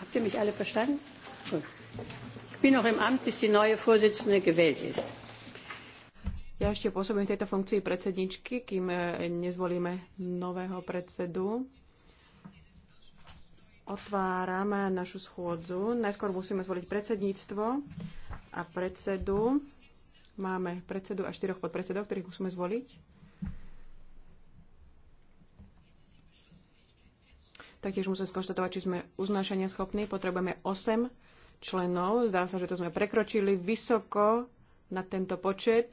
Habt ihr mich alle verstanden? Ich bin noch im Amt, bis die neue Vorsitzende gewählt ist. Ja ešte pôsobím v tejto funkcii predsedničky, kým e, nezvolíme nového predsedu. Otvárame našu schôdzu. Najskôr musíme zvoliť predsedníctvo a predsedu. Máme predsedu a štyroch podpredsedov, ktorých musíme zvoliť. Taktiež musím skonštatovať, či sme uznášania schopní. Potrebujeme 8 členov. Zdá sa, že to sme prekročili vysoko na tento počet.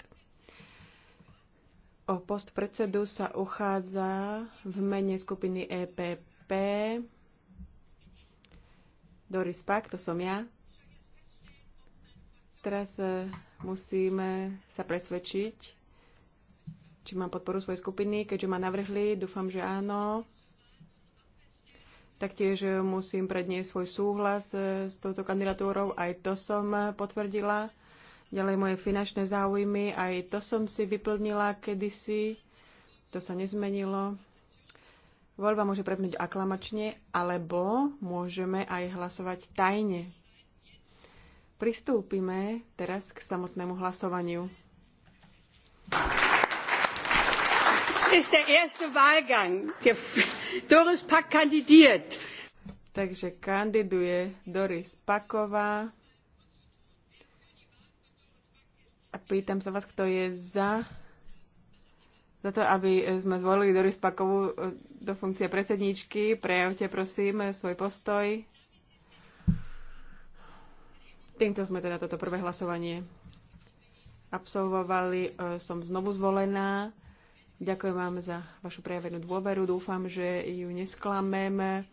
O post predsedu sa uchádza v mene skupiny EPP Doris Pak, to som ja. Teraz e, musíme sa presvedčiť, či mám podporu svojej skupiny, keďže ma navrhli, dúfam, že áno. Taktiež eh, musím predniesť svoj súhlas eh, s touto kandidatúrou, aj to som eh, potvrdila. Ďalej moje finančné záujmy, aj to som si vyplnila kedysi, to sa nezmenilo. Voľba môže prebnúť aklamačne, alebo môžeme aj hlasovať tajne. Pristúpime teraz k samotnému hlasovaniu ist der erste Wahlgang. Doris Pack kandidiert. Takže kandiduje Doris Paková. A pýtam sa vás, kto je za, za to, aby sme zvolili Doris Pakovu e, do funkcie predsedníčky. Prejavte prosím svoj postoj. Týmto sme teda toto prvé hlasovanie absolvovali. E, som znovu zvolená Ďakujem vám za vašu prejavenú dôveru. Dúfam, že ju nesklameme.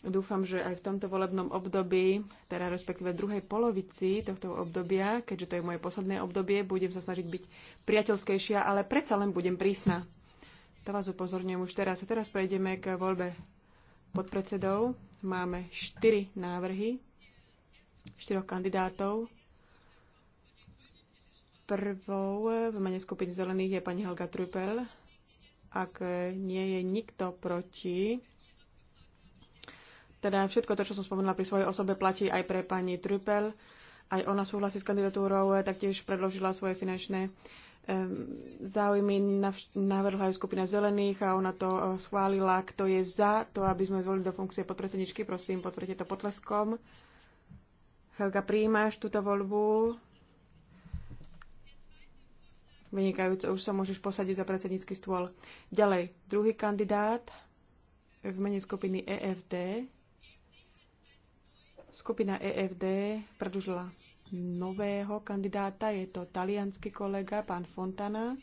Dúfam, že aj v tomto volebnom období, teda respektíve druhej polovici tohto obdobia, keďže to je moje posledné obdobie, budem sa snažiť byť priateľskejšia, ale predsa len budem prísna. To vás upozorňujem už teraz. A teraz prejdeme k voľbe podpredsedov. Máme štyri návrhy, štyroch kandidátov. Prvou e, v mene skupiny zelených je pani Helga Trupel. Ak e, nie je nikto proti, teda všetko to, čo som spomenula pri svojej osobe, platí aj pre pani Trupel. Aj ona súhlasí s kandidatúrou, e, taktiež predložila svoje finančné záujmy navrhla aj skupina zelených a ona to schválila. Kto je za to, aby sme zvolili do funkcie podpredsedničky, prosím, potvrdite to potleskom. Helga, prijímaš túto voľbu? Vynikajúco, už sa môžeš posadiť za predsednícky stôl. Ďalej, druhý kandidát v mene skupiny EFD. Skupina EFD predlžila nového kandidáta, je to talianský kolega, pán Fontana.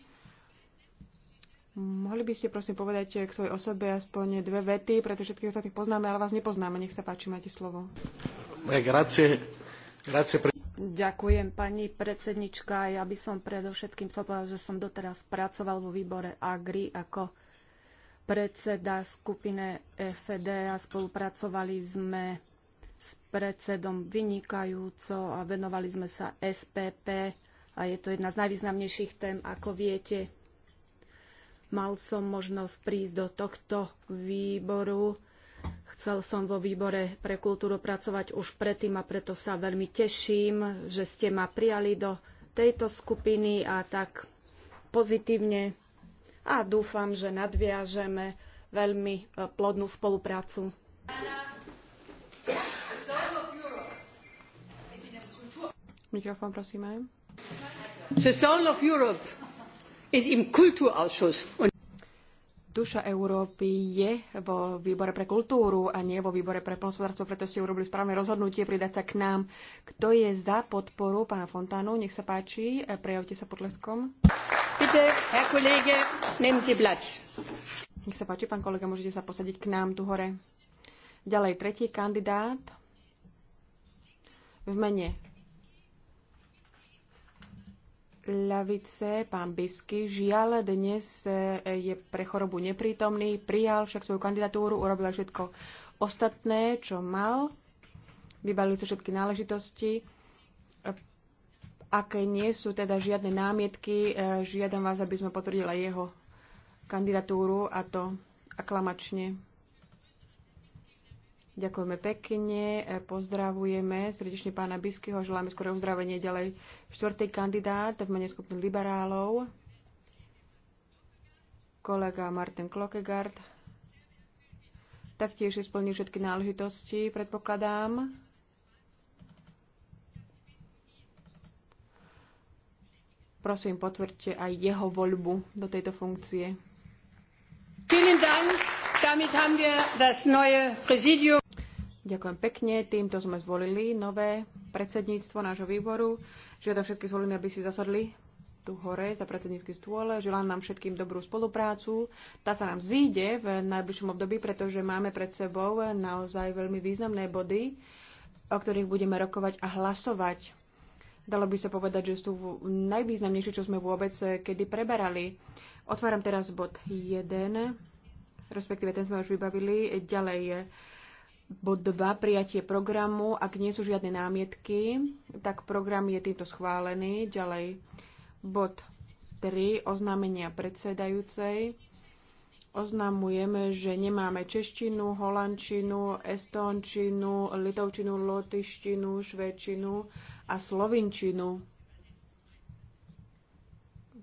Mohli by ste prosím povedať k svojej osobe aspoň dve vety, pretože všetkých ostatných poznáme, ale vás nepoznáme. Nech sa páči, máte slovo. Eh, grazie. Grazie Ďakujem, pani predsednička. Ja by som predovšetkým chcel povedať, že som doteraz pracoval vo výbore AGRI ako predseda skupiny e FED a spolupracovali sme s predsedom vynikajúco a venovali sme sa SPP a je to jedna z najvýznamnejších tém, ako viete. Mal som možnosť prísť do tohto výboru Chcel som vo výbore pre kultúru pracovať už predtým a preto sa veľmi teším, že ste ma prijali do tejto skupiny a tak pozitívne a dúfam, že nadviažeme veľmi e, plodnú spoluprácu. Mikrofón, prosíme. The Soul of Europe is im Kulturausschuss. Duša Európy je vo výbore pre kultúru a nie vo výbore pre plnospodárstvo, preto ste urobili správne rozhodnutie pridať sa k nám. Kto je za podporu pána Fontánu? Nech sa páči, prejavte sa potleskom. Bitte, Herr Kollege, nehmen Sie Platz. Nech sa páči, pán kolega, môžete sa posadiť k nám tu hore. Ďalej, tretí kandidát v mene ľavice, pán Bisky, žiaľ dnes e, je pre chorobu neprítomný, prijal však svoju kandidatúru, urobil všetko ostatné, čo mal, vybalil sa všetky náležitosti. E, Ak nie sú teda žiadne námietky, e, žiadam vás, aby sme potvrdili jeho kandidatúru a to aklamačne. Ďakujeme pekne, e, pozdravujeme srdečne pána Biskyho, želáme skoro uzdravenie ďalej. Štvrtý kandidát v mene skupiny liberálov, kolega Martin Klokegard, taktiež splnil všetky náležitosti, predpokladám. Prosím, potvrďte aj jeho voľbu do tejto funkcie. Vielen Dank. Damit haben wir das neue Präsidium. Ďakujem pekne. Týmto sme zvolili nové predsedníctvo nášho výboru. Žiadam všetky zvolené, aby si zasadli tu hore za predsednícky stôl. Želám nám všetkým dobrú spoluprácu. Tá sa nám zíde v najbližšom období, pretože máme pred sebou naozaj veľmi významné body, o ktorých budeme rokovať a hlasovať. Dalo by sa povedať, že sú najvýznamnejšie, čo sme vôbec eh, kedy preberali. Otváram teraz bod 1, respektíve ten sme už vybavili. Ďalej eh, Bod 2, prijatie programu. Ak nie sú žiadne námietky, tak program je týmto schválený. Ďalej, bod 3, oznámenia predsedajúcej. Oznamujeme, že nemáme češtinu, holandčinu, estončinu, litovčinu, lotyštinu, švedčinu a slovinčinu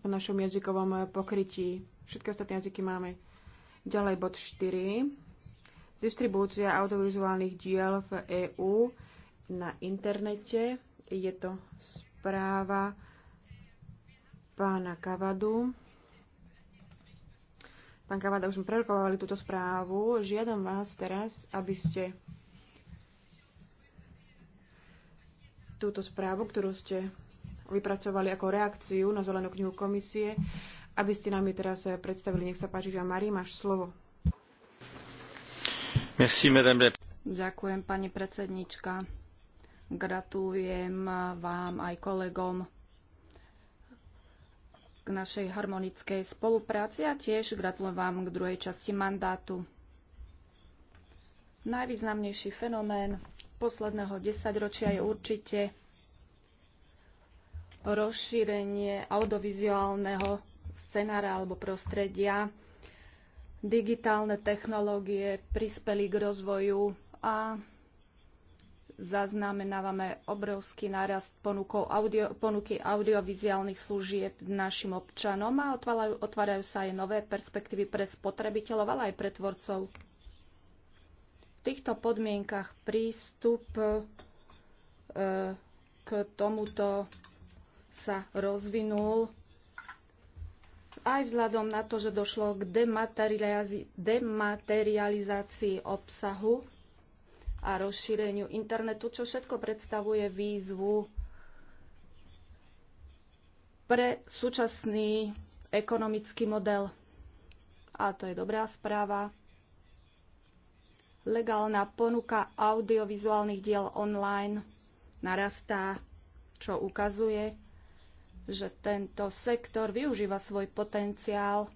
v našom jazykovom pokrytí. Všetky ostatné jazyky máme. Ďalej bod 4 Distribúcia audiovizuálnych diel v EÚ na internete. Je to správa pána Kavadu. Pán Kavada, už sme prerokovali túto správu. Žiadam vás teraz, aby ste túto správu, ktorú ste vypracovali ako reakciu na zelenú knihu komisie, aby ste nám ju teraz predstavili. Nech sa páči, že Mari, máš slovo. Merci, madame. Ďakujem, pani predsednička. Gratulujem vám aj kolegom k našej harmonickej spolupráci a tiež gratulujem vám k druhej časti mandátu. Najvýznamnejší fenomén posledného desaťročia je určite rozšírenie audiovizuálneho scenára alebo prostredia Digitálne technológie prispeli k rozvoju a zaznamenávame obrovský nárast audio, ponuky audiovizuálnych služieb našim občanom a otvárajú, otvárajú sa aj nové perspektívy pre spotrebiteľov, ale aj pre tvorcov. V týchto podmienkach prístup e, k tomuto sa rozvinul aj vzhľadom na to, že došlo k dematerializácii obsahu a rozšíreniu internetu, čo všetko predstavuje výzvu pre súčasný ekonomický model. A to je dobrá správa. Legálna ponuka audiovizuálnych diel online narastá, čo ukazuje, že tento sektor využíva svoj potenciál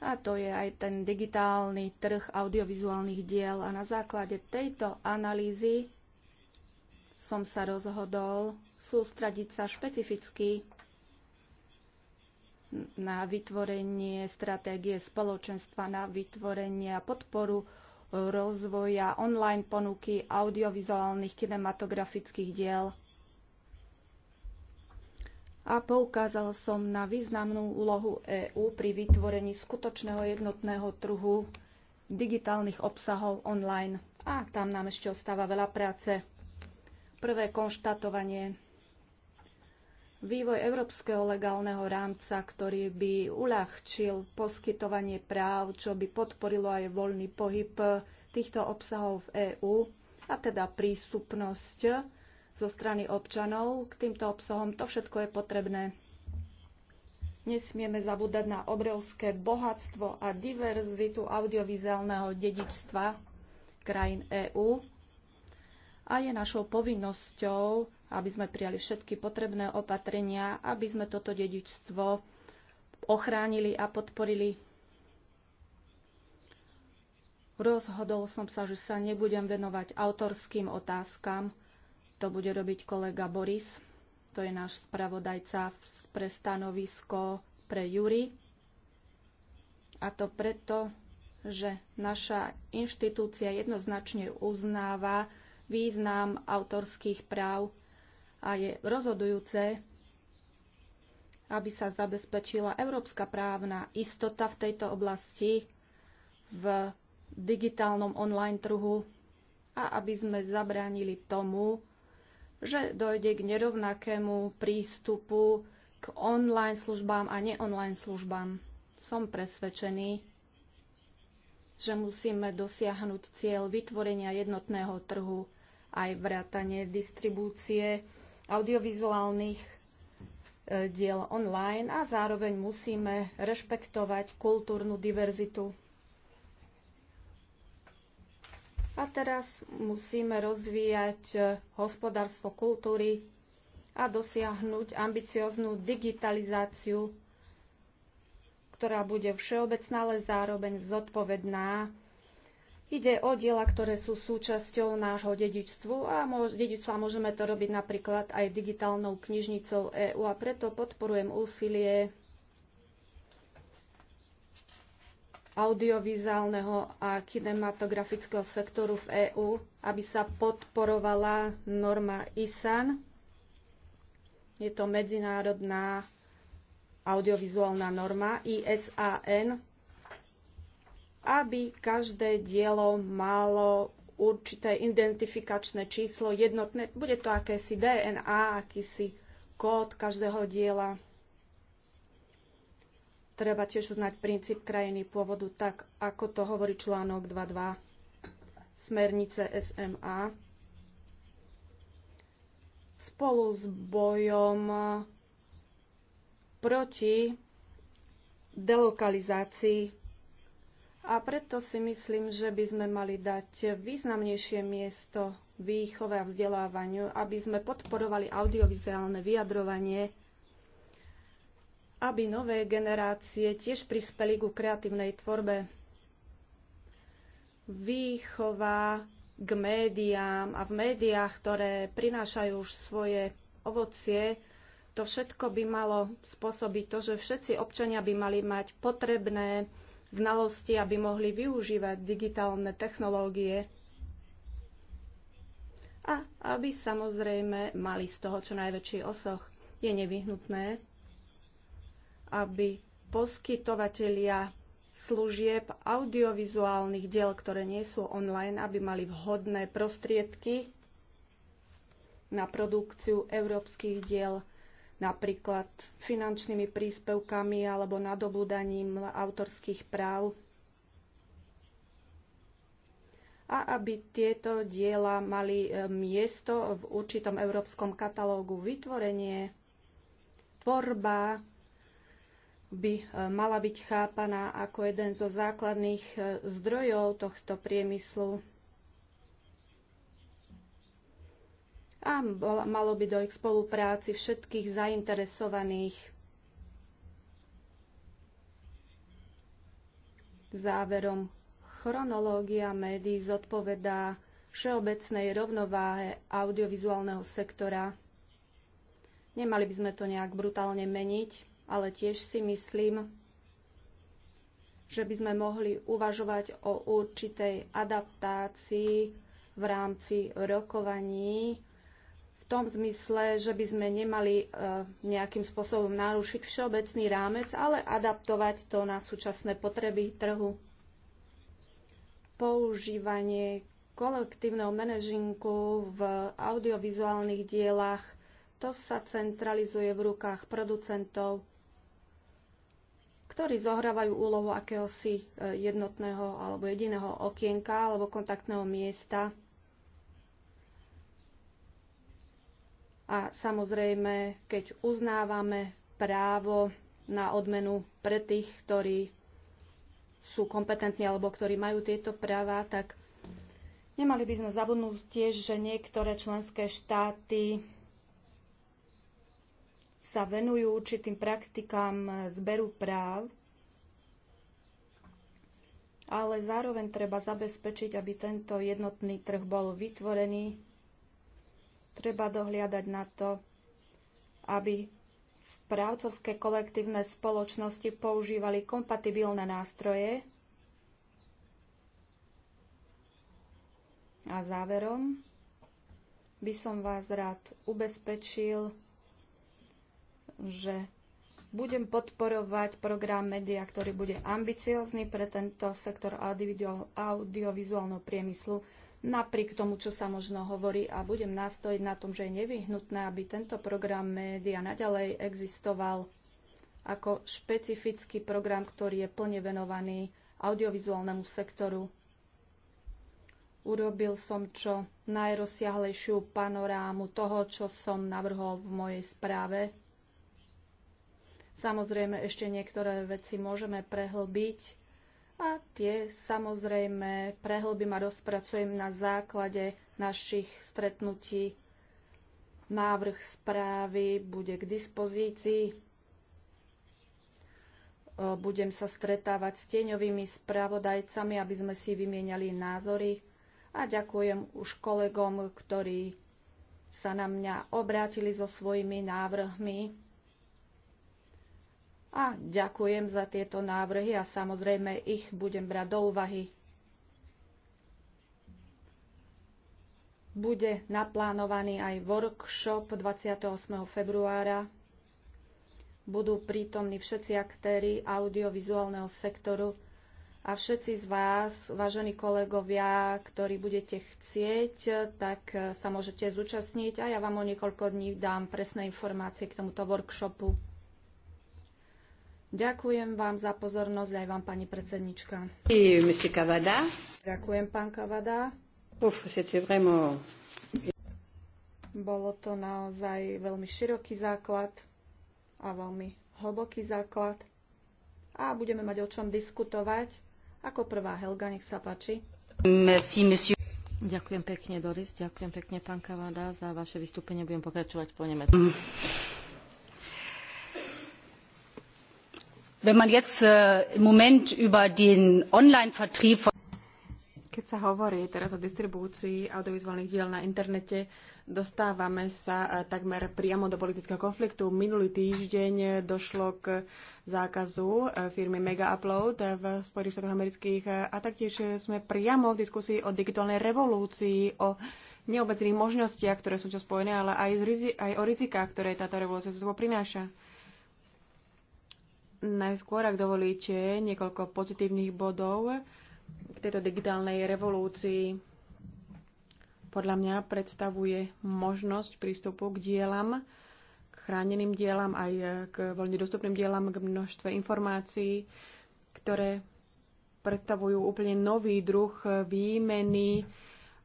a to je aj ten digitálny trh audiovizuálnych diel. A na základe tejto analýzy som sa rozhodol sústradiť sa špecificky na vytvorenie stratégie spoločenstva, na vytvorenie a podporu rozvoja online ponuky audiovizuálnych kinematografických diel a poukázal som na významnú úlohu EÚ pri vytvorení skutočného jednotného trhu digitálnych obsahov online. A tam nám ešte ostáva veľa práce. Prvé konštatovanie. Vývoj európskeho legálneho rámca, ktorý by uľahčil poskytovanie práv, čo by podporilo aj voľný pohyb týchto obsahov v EÚ, a teda prístupnosť zo strany občanov k týmto obsahom. To všetko je potrebné. Nesmieme zabúdať na obrovské bohatstvo a diverzitu audiovizuálneho dedičstva krajín EÚ a je našou povinnosťou, aby sme prijali všetky potrebné opatrenia, aby sme toto dedičstvo ochránili a podporili. Rozhodol som sa, že sa nebudem venovať autorským otázkam, to bude robiť kolega Boris, to je náš spravodajca pre stanovisko pre Jury. A to preto, že naša inštitúcia jednoznačne uznáva význam autorských práv a je rozhodujúce, aby sa zabezpečila európska právna istota v tejto oblasti v digitálnom online trhu a aby sme zabránili tomu, že dojde k nerovnakému prístupu k online službám a neonline službám. Som presvedčený, že musíme dosiahnuť cieľ vytvorenia jednotného trhu aj vrátanie distribúcie audiovizuálnych e, diel online a zároveň musíme rešpektovať kultúrnu diverzitu A teraz musíme rozvíjať eh, hospodárstvo kultúry a dosiahnuť ambicioznú digitalizáciu, ktorá bude všeobecná, ale zároveň zodpovedná. Ide o diela, ktoré sú súčasťou nášho dedičstvu a môž, dedičstva môžeme to robiť napríklad aj digitálnou knižnicou EÚ a preto podporujem úsilie audiovizuálneho a kinematografického sektoru v EÚ, aby sa podporovala norma ISAN. Je to medzinárodná audiovizuálna norma ISAN, aby každé dielo malo určité identifikačné číslo jednotné. Bude to akési DNA, akýsi kód každého diela. Treba tiež uznať princíp krajiny pôvodu tak, ako to hovorí článok 2.2 smernice SMA. Spolu s bojom proti delokalizácii. A preto si myslím, že by sme mali dať významnejšie miesto výchove a vzdelávaniu, aby sme podporovali audiovizuálne vyjadrovanie aby nové generácie tiež prispeli ku kreatívnej tvorbe. Výchova k médiám a v médiách, ktoré prinášajú už svoje ovocie, to všetko by malo spôsobiť to, že všetci občania by mali mať potrebné znalosti, aby mohli využívať digitálne technológie a aby samozrejme mali z toho čo najväčší osoch. Je nevyhnutné, aby poskytovatelia služieb audiovizuálnych diel, ktoré nie sú online, aby mali vhodné prostriedky na produkciu európskych diel, napríklad finančnými príspevkami alebo nadobúdaním autorských práv a aby tieto diela mali e, miesto v určitom európskom katalógu. Vytvorenie, tvorba by e, mala byť chápaná ako jeden zo základných e, zdrojov tohto priemyslu. A malo by dojť k spolupráci všetkých zainteresovaných. Záverom, chronológia médií zodpovedá všeobecnej rovnováhe audiovizuálneho sektora. Nemali by sme to nejak brutálne meniť ale tiež si myslím, že by sme mohli uvažovať o určitej adaptácii v rámci rokovaní v tom zmysle, že by sme nemali e, nejakým spôsobom narušiť všeobecný rámec, ale adaptovať to na súčasné potreby trhu. Používanie kolektívneho manažinku v audiovizuálnych dielach to sa centralizuje v rukách producentov ktorí zohrávajú úlohu akéhosi e, jednotného alebo jediného okienka alebo kontaktného miesta. A samozrejme, keď uznávame právo na odmenu pre tých, ktorí sú kompetentní alebo ktorí majú tieto práva, tak nemali by sme zabudnúť tiež, že niektoré členské štáty sa venujú určitým praktikám zberu práv, ale zároveň treba zabezpečiť, aby tento jednotný trh bol vytvorený. Treba dohliadať na to, aby správcovské kolektívne spoločnosti používali kompatibilné nástroje. A záverom by som vás rád ubezpečil, že budem podporovať program média, ktorý bude ambiciózny pre tento sektor audio, audiovizuálneho priemyslu, napriek tomu, čo sa možno hovorí a budem nastojiť na tom, že je nevyhnutné, aby tento program média naďalej existoval ako špecifický program, ktorý je plne venovaný audiovizuálnemu sektoru. Urobil som čo najrozsiahlejšiu panorámu toho, čo som navrhol v mojej správe Samozrejme, ešte niektoré veci môžeme prehlbiť a tie samozrejme prehlbím a rozpracujem na základe našich stretnutí. Návrh správy bude k dispozícii. Budem sa stretávať s tieňovými spravodajcami, aby sme si vymieniali názory. A ďakujem už kolegom, ktorí sa na mňa obrátili so svojimi návrhmi a ďakujem za tieto návrhy a samozrejme ich budem brať do úvahy. Bude naplánovaný aj workshop 28. februára. Budú prítomní všetci aktéry audiovizuálneho sektoru a všetci z vás, vážení kolegovia, ktorí budete chcieť, tak sa môžete zúčastniť a ja vám o niekoľko dní dám presné informácie k tomuto workshopu. Ďakujem vám za pozornosť aj vám, pani predsednička. Ďakujem, pán Kavada. Uf, Bolo to naozaj veľmi široký základ a veľmi hlboký základ. A budeme mať o čom diskutovať. Ako prvá Helga, nech sa páči. Merci, monsieur. Ďakujem pekne, Doris. Ďakujem pekne, pán Kavada, za vaše vystúpenie. Budem pokračovať po nemecku. Mm. Wenn man jetzt äh, im Moment über den Online-Vertrieb von keď sa hovorí teraz o distribúcii audiovizuálnych diel na internete, dostávame sa e, takmer priamo do politického konfliktu. Minulý týždeň došlo k zákazu e, firmy Mega Upload v Spojených štátoch amerických e, a taktiež sme priamo v diskusii o digitálnej revolúcii, o neobmedzených možnostiach, ktoré sú čo spojené, ale aj, rizi- aj o rizikách, ktoré táto revolúcia so sebou prináša najskôr, ak dovolíte, niekoľko pozitívnych bodov k tejto digitálnej revolúcii. Podľa mňa predstavuje možnosť prístupu k dielam, k chráneným dielam, aj k voľne dostupným dielam, k množstve informácií, ktoré predstavujú úplne nový druh výmeny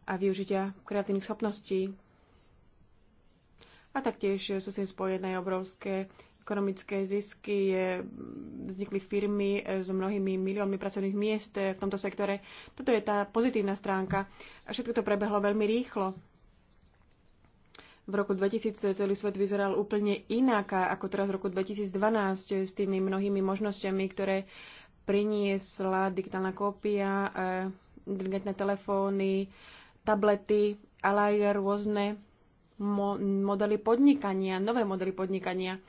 a využitia kreatívnych schopností. A taktiež sú s tým spojené obrovské ekonomické zisky, vznikli firmy s mnohými miliónmi pracovných miest v tomto sektore. Toto je tá pozitívna stránka. A všetko to prebehlo veľmi rýchlo. V roku 2000 celý svet vyzeral úplne inak ako teraz v roku 2012 s tými mnohými možnosťami, ktoré priniesla digitálna kópia, eh, inteligentné telefóny, tablety, ale aj rôzne mo- modely podnikania, nové modely podnikania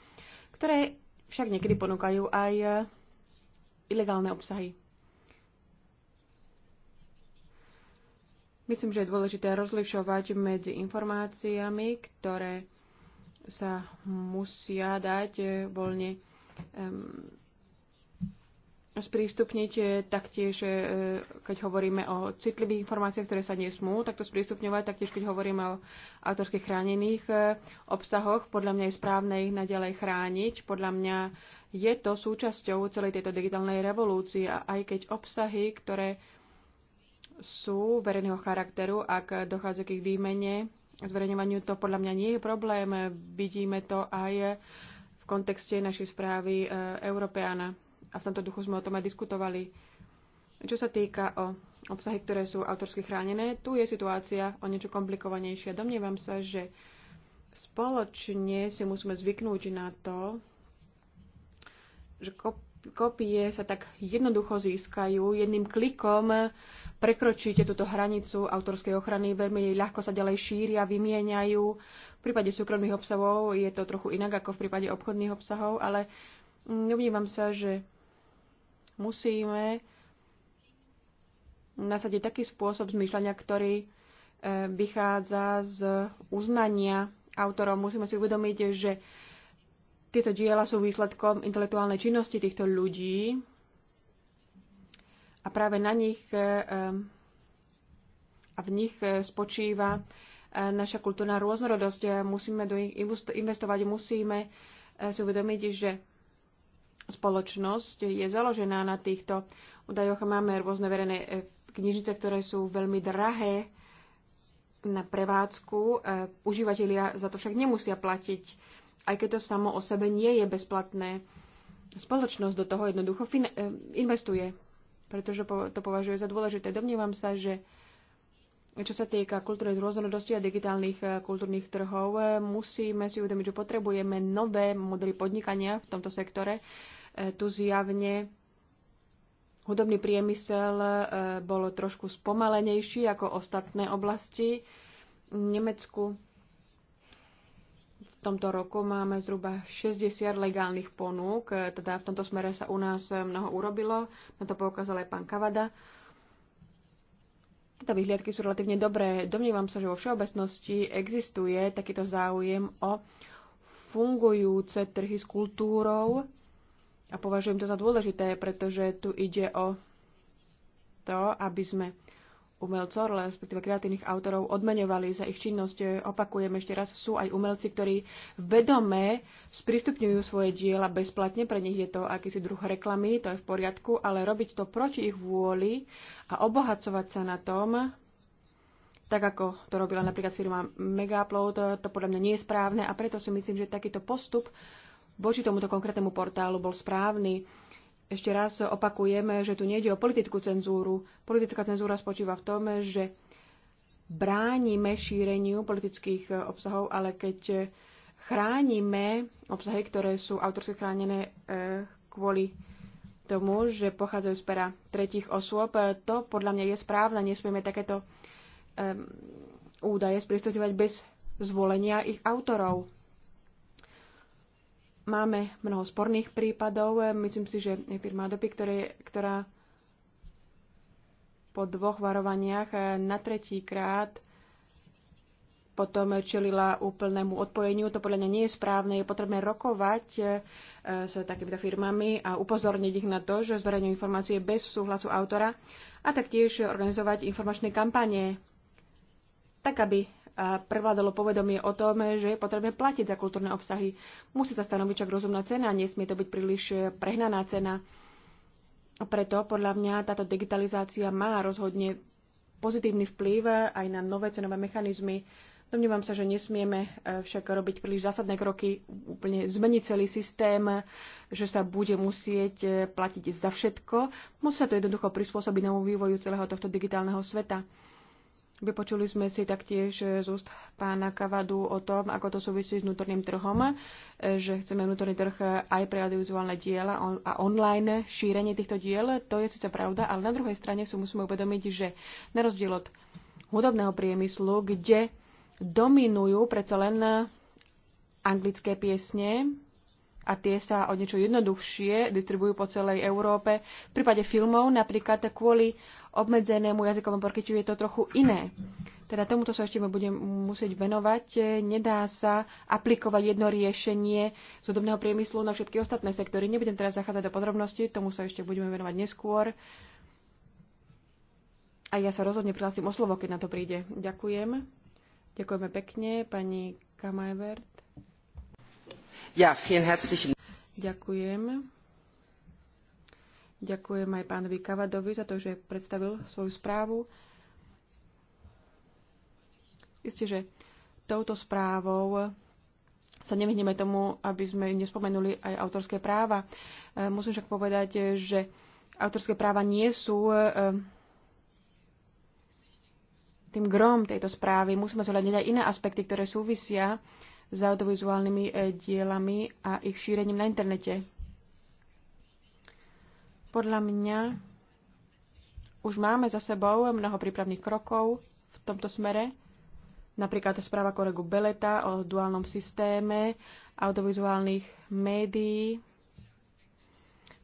ktoré však niekedy ponúkajú aj eh, ilegálne obsahy. Myslím, že je dôležité rozlišovať medzi informáciami, ktoré sa musia dať eh, voľne um, sprístupniť e, taktiež, e, keď hovoríme o citlivých informáciách, ktoré sa nesmú takto sprístupňovať, taktiež keď hovoríme o autorských chránených e, obsahoch, podľa mňa je správne ich naďalej chrániť. Podľa mňa je to súčasťou celej tejto digitálnej revolúcie a aj keď obsahy, ktoré sú verejného charakteru, ak dochádza k ich výmene, zverejňovaniu, to podľa mňa nie je problém. Vidíme to aj v kontexte našej správy Európeána a v tomto duchu sme o tom aj diskutovali. Čo sa týka o obsahy, ktoré sú autorsky chránené, tu je situácia o niečo komplikovanejšia. Domnievam sa, že spoločne si musíme zvyknúť na to, že kopie sa tak jednoducho získajú. Jedným klikom prekročíte túto hranicu autorskej ochrany, veľmi ľahko sa ďalej šíria, vymieňajú. V prípade súkromných obsahov je to trochu inak ako v prípade obchodných obsahov, ale domnívam sa, že musíme nasadiť taký spôsob zmýšľania, ktorý e, vychádza z uznania autorov. Musíme si uvedomiť, že tieto diela sú výsledkom intelektuálnej činnosti týchto ľudí a práve na nich e, e, a v nich spočíva naša kultúrna rôznorodosť. Musíme do nich investovať, musíme si uvedomiť, že spoločnosť je založená na týchto údajoch. Máme rôzne verejné eh, knižnice, ktoré sú veľmi drahé na prevádzku. Eh, užívateľia za to však nemusia platiť, aj keď to samo o sebe nie je bezplatné. Spoločnosť do toho jednoducho eh, investuje, pretože to považuje za dôležité. Domnievam sa, že čo sa týka kultúry rôznorodosti a digitálnych e, kultúrnych trhov, e, musíme si uvedomiť, že potrebujeme nové modely podnikania v tomto sektore. E, tu zjavne hudobný priemysel bol trošku spomalenejší ako ostatné oblasti. V Nemecku v tomto roku máme zhruba 60 legálnych ponúk, teda v tomto smere sa u nás mnoho urobilo, na to poukázal aj pán Kavada. Tieto vyhliadky sú relatívne dobré. Domnievam sa, že vo všeobecnosti existuje takýto záujem o fungujúce trhy s kultúrou a považujem to za dôležité, pretože tu ide o to, aby sme umelcov, respektíve kreatívnych autorov, odmeňovali za ich činnosť. Opakujem ešte raz, sú aj umelci, ktorí vedome sprístupňujú svoje diela bezplatne, pre nich je to akýsi druh reklamy, to je v poriadku, ale robiť to proti ich vôli a obohacovať sa na tom, tak ako to robila napríklad firma Megaupload, to, to podľa mňa nie je správne a preto si myslím, že takýto postup voči tomuto konkrétnemu portálu bol správny. Ešte raz opakujeme, že tu nejde o politickú cenzúru. Politická cenzúra spočíva v tom, že bránime šíreniu politických e, obsahov, ale keď e, chránime obsahy, ktoré sú autorsky chránené e, kvôli tomu, že pochádzajú z pera tretich osôb, to podľa mňa je správne. Nesmieme takéto údaje sprístupňovať bez zvolenia ich autorov. Máme mnoho sporných prípadov. Myslím si, že firma Adobe, ktoré, ktorá po dvoch varovaniach eh, na tretí krát potom čelila úplnému odpojeniu. To podľa mňa nie je správne. Je potrebné rokovať eh, s takýmito firmami a upozorniť ich na to, že zverejňujú informácie bez súhlasu autora a taktiež organizovať informačné kampanie tak aby prevládalo povedomie o tom, že je potrebné platiť za kultúrne obsahy. Musí sa stanoviť však rozumná cena, nesmie to byť príliš e, prehnaná cena. Preto podľa mňa táto digitalizácia má rozhodne pozitívny vplyv aj na nové cenové mechanizmy. Domnívam sa, že nesmieme e, však robiť príliš zásadné kroky, úplne zmeniť celý systém, že sa bude musieť e, platiť za všetko. Musí sa to jednoducho prispôsobiť novú vývoju celého tohto digitálneho sveta. Vypočuli sme si taktiež eh, z úst pána Kavadu o tom, ako to súvisí s vnútorným trhom, eh, že chceme vnútorný trh eh, aj pre audiovizuálne diela a online šírenie týchto diel. To je síce pravda, ale na druhej strane si musíme uvedomiť, že na rozdiel od hudobného priemyslu, kde dominujú predsa len anglické piesne, a tie sa o niečo jednoduchšie distribujú po celej Európe. V prípade filmov napríklad kvôli obmedzenému jazykovom porkyťu je to trochu iné. Teda tomuto sa ešte budem musieť venovať. Nedá sa aplikovať jedno riešenie z priemyslu na všetky ostatné sektory. Nebudem teraz zachádzať do podrobností, tomu sa ešte budeme venovať neskôr. A ja sa rozhodne prihlásim o slovo, keď na to príde. Ďakujem. Ďakujeme pekne, pani Kamajvert. Ja, vielen herzlichen Ďakujem. Ďakujem aj pánovi Kavadovi za to, že predstavil svoju správu. Isté, že touto správou sa nevyhneme tomu, aby sme nespomenuli aj autorské práva. E, musím však povedať, že autorské práva nie sú e, tým grom tejto správy. Musíme zohľadniť aj iné aspekty, ktoré súvisia s audiovizuálnymi e, dielami a ich šírením na internete. Podľa mňa už máme za sebou mnoho prípravných krokov v tomto smere, napríklad správa kolegu Beleta o duálnom systéme audiovizuálnych médií.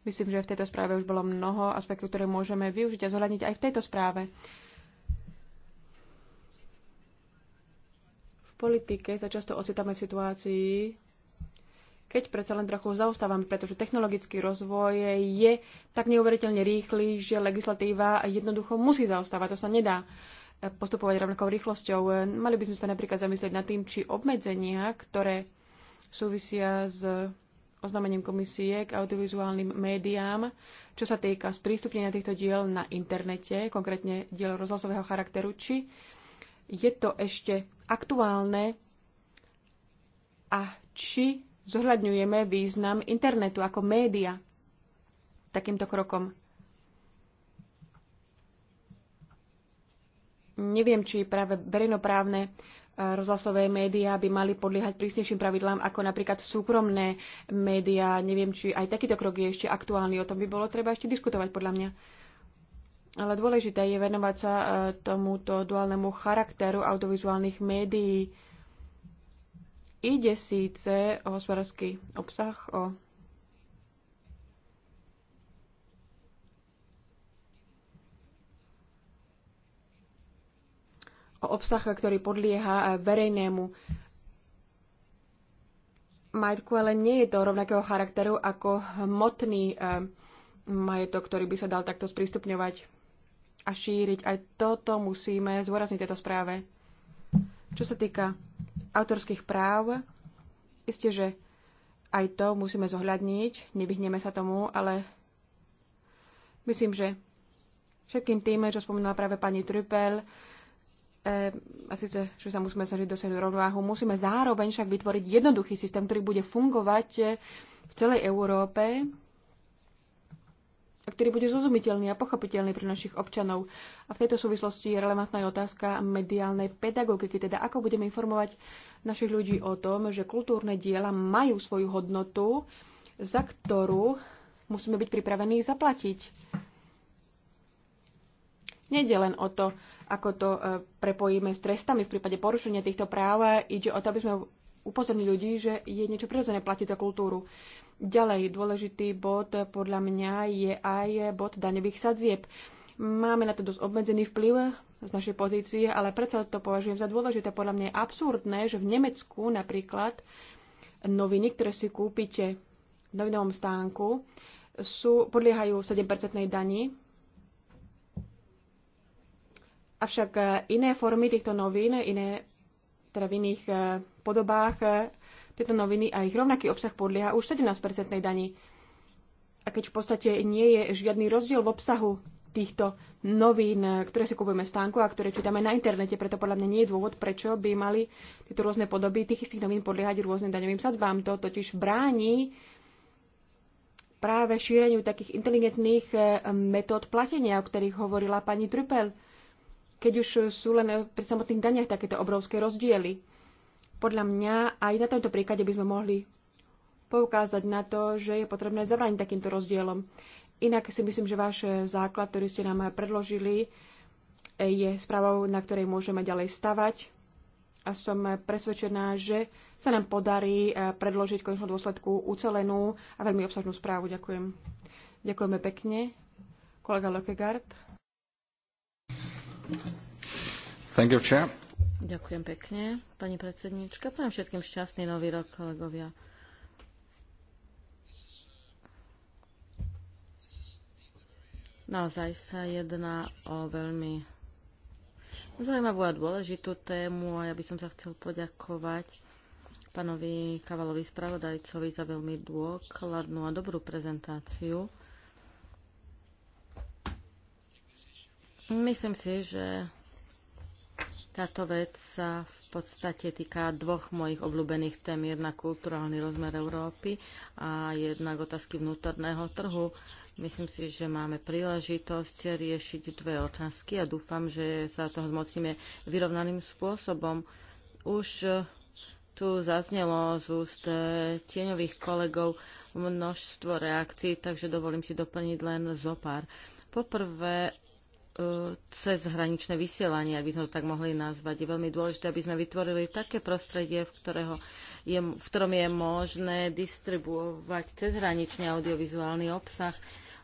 Myslím, že v tejto správe už bolo mnoho aspektov, ktoré môžeme využiť a zohľadniť aj v tejto správe. politike sa často ocitáme v situácii, keď predsa len trochu zaostávame, pretože technologický rozvoj je tak neuveriteľne rýchly, že legislatíva jednoducho musí zaostávať. To sa nedá eh, postupovať rovnakou rýchlosťou. Mali by sme sa napríklad zamyslieť nad tým, či obmedzenia, ktoré súvisia s oznámením komisie k audiovizuálnym médiám, čo sa týka sprístupnenia týchto diel na internete, konkrétne diel rozhlasového charakteru, či je to ešte aktuálne a či zohľadňujeme význam internetu ako média takýmto krokom. Neviem, či práve verejnoprávne e, rozhlasové médiá by mali podliehať prísnejším pravidlám ako napríklad súkromné médiá. Neviem, či aj takýto krok je ešte aktuálny. O tom by bolo treba ešte diskutovať podľa mňa. Ale dôležité je venovať sa e, tomuto duálnemu charakteru audiovizuálnych médií. Ide síce o hospodársky obsah, o o obsah, ktorý podlieha e, verejnému majetku, ale nie je to rovnakého charakteru ako hmotný e, majetok, ktorý by sa dal takto sprístupňovať a šíriť. Aj toto musíme zdôrazniť tejto správe. Čo sa týka autorských práv, isté, že aj to musíme zohľadniť, nevyhneme sa tomu, ale myslím, že všetkým tým, čo spomínala práve pani Trupel, e, a síce, že sa musíme snažiť dosiahnuť rovnováhu, musíme zároveň však vytvoriť jednoduchý systém, ktorý bude fungovať v celej Európe, a ktorý bude zrozumiteľný a pochopiteľný pre našich občanov. A v tejto súvislosti je relevantná aj otázka mediálnej pedagogiky, teda ako budeme informovať našich ľudí o tom, že kultúrne diela majú svoju hodnotu, za ktorú musíme byť pripravení zaplatiť. Nejde len o to, ako to e, prepojíme s trestami v prípade porušenia týchto práv, ide o to, aby sme upozornili ľudí, že je niečo prirodzené platiť za kultúru. Ďalej, dôležitý bod podľa mňa je aj bod daňových sadzieb. Máme na to dosť obmedzený vplyv z našej pozície, ale predsa to považujem za dôležité. Podľa mňa je absurdné, že v Nemecku napríklad noviny, ktoré si kúpite v novinovom stánku, sú, podliehajú 7-percentnej dani. Avšak eh, iné formy týchto novín, iné, teda v iných eh, podobách, eh, tieto noviny a ich rovnaký obsah podlieha už 17-percentnej dani. A keď v podstate nie je žiadny rozdiel v obsahu týchto novín, ktoré si kupujeme v stánku a ktoré čítame na internete, preto podľa mňa nie je dôvod, prečo by mali tieto rôzne podoby tých istých novín podliehať rôznym daňovým sadzbám. To totiž bráni práve šíreniu takých inteligentných eh, metód platenia, o ktorých hovorila pani Trupel keď už sú len pri samotných daniach takéto obrovské rozdiely. Podľa mňa aj na tomto príklade by sme mohli poukázať na to, že je potrebné zabrániť takýmto rozdielom. Inak si myslím, že váš základ, ktorý ste nám predložili, je správou, na ktorej môžeme ďalej stavať. A som presvedčená, že sa nám podarí eh, predložiť v konečnom dôsledku ucelenú a veľmi obsažnú správu. Ďakujem. Ďakujeme pekne. Kolega Lokegard. Thank you, Chair. Ďakujem pekne, pani predsednička. Prajem všetkým šťastný nový rok, kolegovia. Naozaj sa jedná o veľmi zaujímavú a dôležitú tému a ja by som sa chcel poďakovať pánovi Kavalovi spravodajcovi za veľmi dôkladnú a dobrú prezentáciu. Myslím si, že táto vec sa v podstate týka dvoch mojich obľúbených tém. Jedna kulturálny rozmer Európy a jednak otázky vnútorného trhu. Myslím si, že máme príležitosť riešiť dve otázky a dúfam, že sa toho zmocníme vyrovnaným spôsobom. Už tu zaznelo z úst tieňových kolegov množstvo reakcií, takže dovolím si doplniť len zo pár. Poprvé, cez hraničné vysielanie, ak by sme to tak mohli nazvať. Je veľmi dôležité, aby sme vytvorili také prostredie, v, ktorého je, v ktorom je možné distribuovať cezhraničný audiovizuálny obsah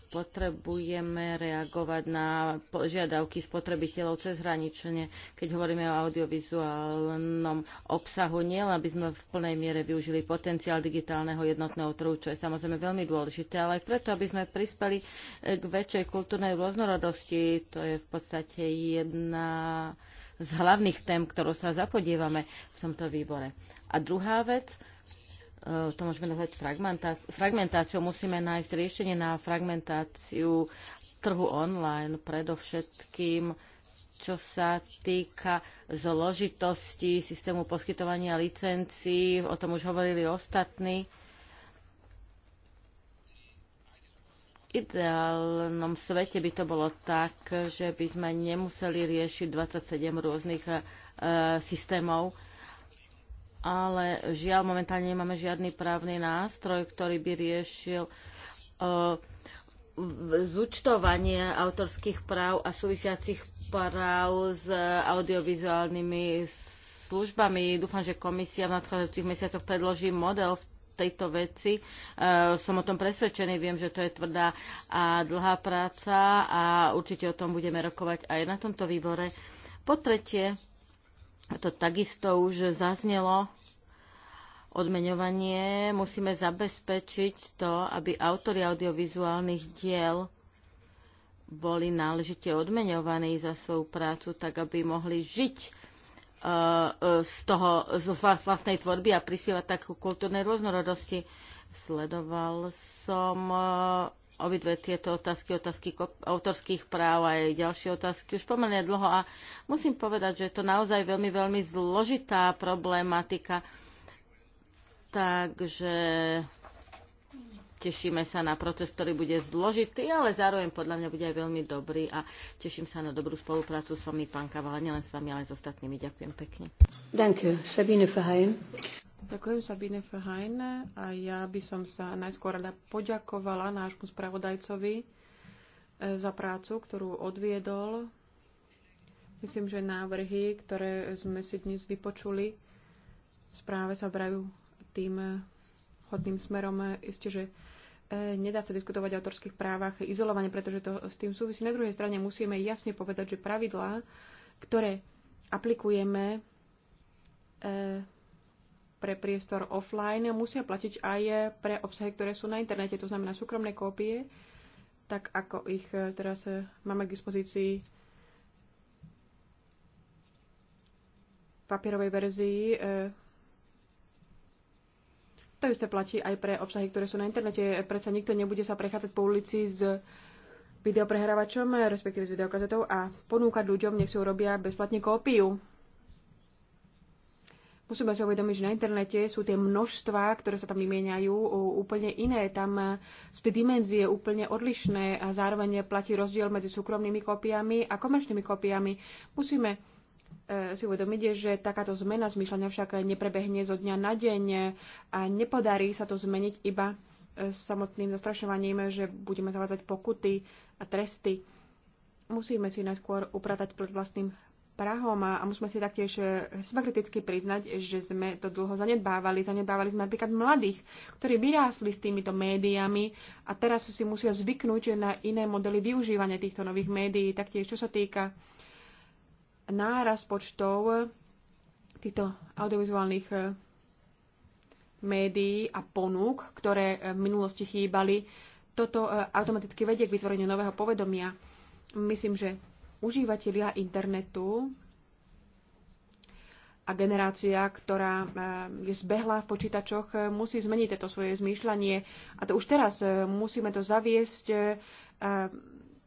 potrebujeme reagovať na požiadavky spotrebiteľov cezhranične, keď hovoríme o audiovizuálnom obsahu, nielen aby sme v plnej miere využili potenciál digitálneho jednotného trhu, čo je samozrejme veľmi dôležité, ale aj preto, aby sme prispeli k väčšej kultúrnej rôznorodosti. To je v podstate jedna z hlavných tém, ktorú sa zapodívame v tomto výbore. A druhá vec, Eh, to môžeme nazvať fragmentáciou. Musíme nájsť riešenie na fragmentáciu trhu online, predovšetkým čo sa týka zložitosti systému poskytovania licencií, o tom už hovorili ostatní. V ideálnom svete by to bolo tak, že by sme nemuseli riešiť 27 rôznych eh, systémov, ale žiaľ momentálne nemáme žiadny právny nástroj, ktorý by riešil uh, zúčtovanie autorských práv a súvisiacich práv s audiovizuálnymi službami. Dúfam, že komisia v nadchádzajúcich mesiacoch predloží model v tejto veci. E, som o tom presvedčený, viem, že to je tvrdá a dlhá práca a určite o tom budeme rokovať aj na tomto výbore. Po tretie, to takisto už zaznelo, odmeňovanie musíme zabezpečiť to, aby autori audiovizuálnych diel boli náležite odmeňovaní za svoju prácu, tak aby mohli žiť e, e, z toho, zo vlastnej tvorby a prispievať takú kultúrnej rôznorodosti. Sledoval som e, obidve tieto otázky, otázky autorských práv a aj ďalšie otázky už pomerne dlho a musím povedať, že je to naozaj veľmi, veľmi zložitá problematika. Takže tešíme sa na proces, ktorý bude zložitý, ale zároveň podľa mňa bude aj veľmi dobrý a teším sa na dobrú spoluprácu s vami, pán Kavala, nielen s vami, ale aj s ostatnými. Ďakujem pekne. Ďakujem. Sabine Verheyen. Ďakujem Sabine Fehajne a ja by som sa najskôr rada poďakovala nášmu spravodajcovi eh, za prácu, ktorú odviedol. Myslím, že návrhy, ktoré sme si dnes vypočuli, správe sa brajú tým eh, hodným smerom. Isté, že eh, nedá sa diskutovať o autorských právach izolovane, pretože to s tým súvisí. Na druhej strane musíme jasne povedať, že pravidlá, ktoré aplikujeme, pre priestor offline musia platiť aj pre obsahy, ktoré sú na internete, to znamená súkromné kópie, tak ako ich eh, teraz eh, máme k dispozícii v papierovej verzii. Eh, to isté platí aj pre obsahy, ktoré sú na internete. Predsa nikto nebude sa prechádzať po ulici s videoprehrávačom, respektíve s videokazetou a ponúkať ľuďom, nech si urobia bezplatne kópiu Musíme si uvedomiť, že na internete sú tie množstva, ktoré sa tam vymieňajú, úplne iné. Tam eh, sú tie dimenzie úplne odlišné a zároveň platí rozdiel medzi súkromnými kópiami a komerčnými kópiami. Musíme eh, si uvedomiť, že takáto zmena zmyšľania však neprebehne zo dňa na deň a nepodarí sa to zmeniť iba eh, samotným zastrašovaním, že budeme zavádzať pokuty a tresty. Musíme si najskôr upratať pred vlastným Prahom a musíme si taktiež e, seba kriticky priznať, že sme to dlho zanedbávali. Zanedbávali sme napríklad mladých, ktorí vyrástli s týmito médiami a teraz si musia zvyknúť na iné modely využívania týchto nových médií. Taktiež, čo sa týka náraz počtov týchto audiovizuálnych e, médií a ponúk, ktoré e, v minulosti chýbali, toto automaticky vedie k vytvoreniu nového povedomia. Myslím, že užívateľia internetu a generácia, ktorá eh, je zbehla v počítačoch, eh, musí zmeniť toto svoje zmýšľanie. A to už teraz eh, musíme to zaviesť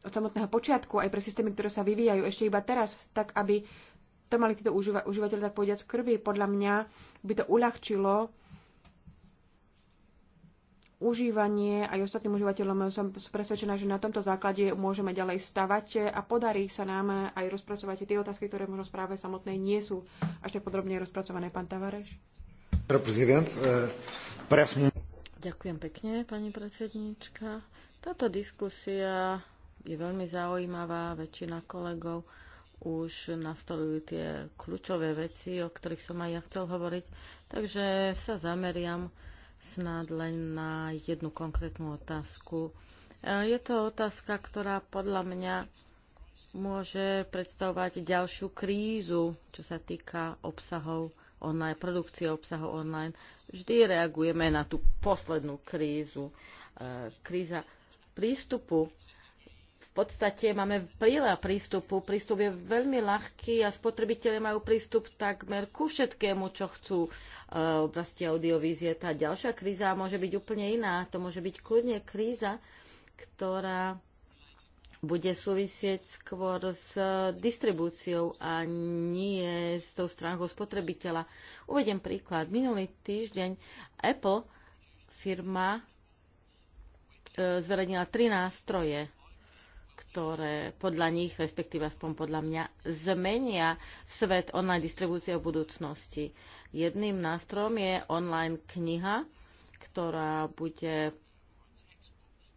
od samotného počiatku aj pre systémy, ktoré sa vyvíjajú ešte iba teraz, tak aby to mali títo užíva- užívateľe, tak povediať, z krvi. Podľa mňa by to uľahčilo užívanie aj ostatným užívateľom som presvedčená, že na tomto základe môžeme ďalej stavať a podarí sa nám aj rozpracovať tie otázky, ktoré možno správe samotnej nie sú až tak podrobne rozpracované. Pán Tavareš. Äh, Ďakujem pekne, pani predsednička. Táto diskusia je veľmi zaujímavá. Väčšina kolegov už nastolili tie kľúčové veci, o ktorých som aj ja chcel hovoriť. Takže sa zameriam snáď len na jednu konkrétnu otázku. E, je to otázka, ktorá podľa mňa môže predstavovať ďalšiu krízu, čo sa týka obsahov online, produkcie obsahov online. Vždy reagujeme na tú poslednú krízu. E, kríza prístupu podstate máme veľa prístupu. Prístup je veľmi ľahký a spotrebitelia majú prístup takmer ku všetkému, čo chcú v e, oblasti audiovízie. Tá ďalšia kríza môže byť úplne iná. To môže byť kľudne kríza, ktorá bude súvisieť skôr s distribúciou a nie s tou stránkou spotrebiteľa. Uvediem príklad. Minulý týždeň Apple firma e, zverejnila tri nástroje ktoré podľa nich, respektíve aspoň podľa mňa, zmenia svet online distribúcie v budúcnosti. Jedným nástrojom je online kniha, ktorá bude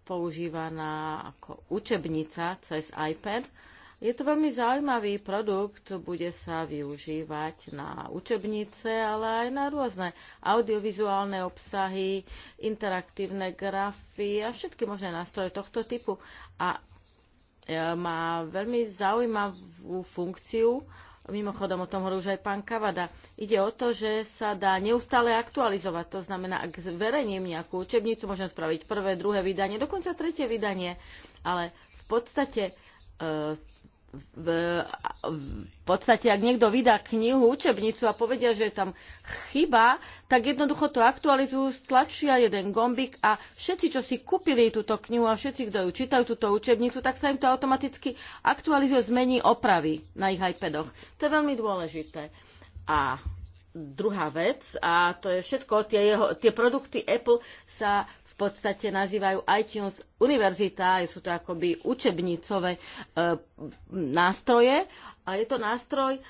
používaná ako učebnica cez iPad. Je to veľmi zaujímavý produkt, bude sa využívať na učebnice, ale aj na rôzne audiovizuálne obsahy, interaktívne grafy a všetky možné nástroje tohto typu. A E, má veľmi zaujímavú funkciu. Mimochodom, o tom hovorí už aj pán Kavada. Ide o to, že sa dá neustále aktualizovať. To znamená, ak zverejním nejakú učebnicu, môžem spraviť prvé, druhé vydanie, dokonca tretie vydanie. Ale v podstate e, v, v podstate, ak niekto vydá knihu, učebnicu a povedia, že je tam chyba, tak jednoducho to aktualizujú, stlačia jeden gombik a všetci, čo si kúpili túto knihu a všetci, kto ju čítajú, túto učebnicu, tak sa im to automaticky aktualizuje, zmení opravy na ich iPadoch. To je veľmi dôležité. A druhá vec, a to je všetko, tie, jeho, tie produkty Apple sa v podstate nazývajú iTunes univerzita, sú to akoby učebnicové e, nástroje a je to nástroj e,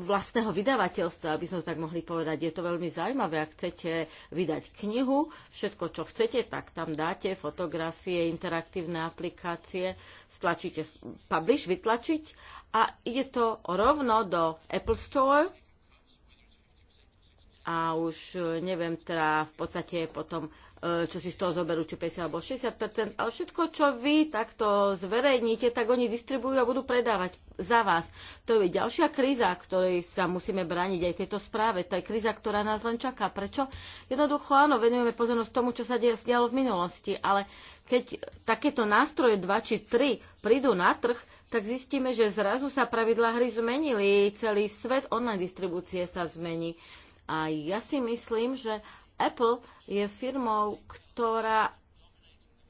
vlastného vydavateľstva, aby sme tak mohli povedať. Je to veľmi zaujímavé, ak chcete vydať knihu, všetko, čo chcete, tak tam dáte fotografie, interaktívne aplikácie, stlačíte publish, vytlačiť a ide to rovno do Apple Store, a už neviem, teda v podstate potom E, čo si z toho zoberú, či 50 alebo 60 ale všetko, čo vy takto zverejníte, tak oni distribujú a budú predávať za vás. To je ďalšia kríza, ktorej sa musíme brániť aj tejto správe. To je kríza, ktorá nás len čaká. Prečo? Jednoducho áno, venujeme pozornosť tomu, čo sa dialo v minulosti, ale keď takéto nástroje 2 či 3 prídu na trh, tak zistíme, že zrazu sa pravidlá hry zmenili, celý svet online distribúcie sa zmení. A ja si myslím, že Apple je firmou, ktorá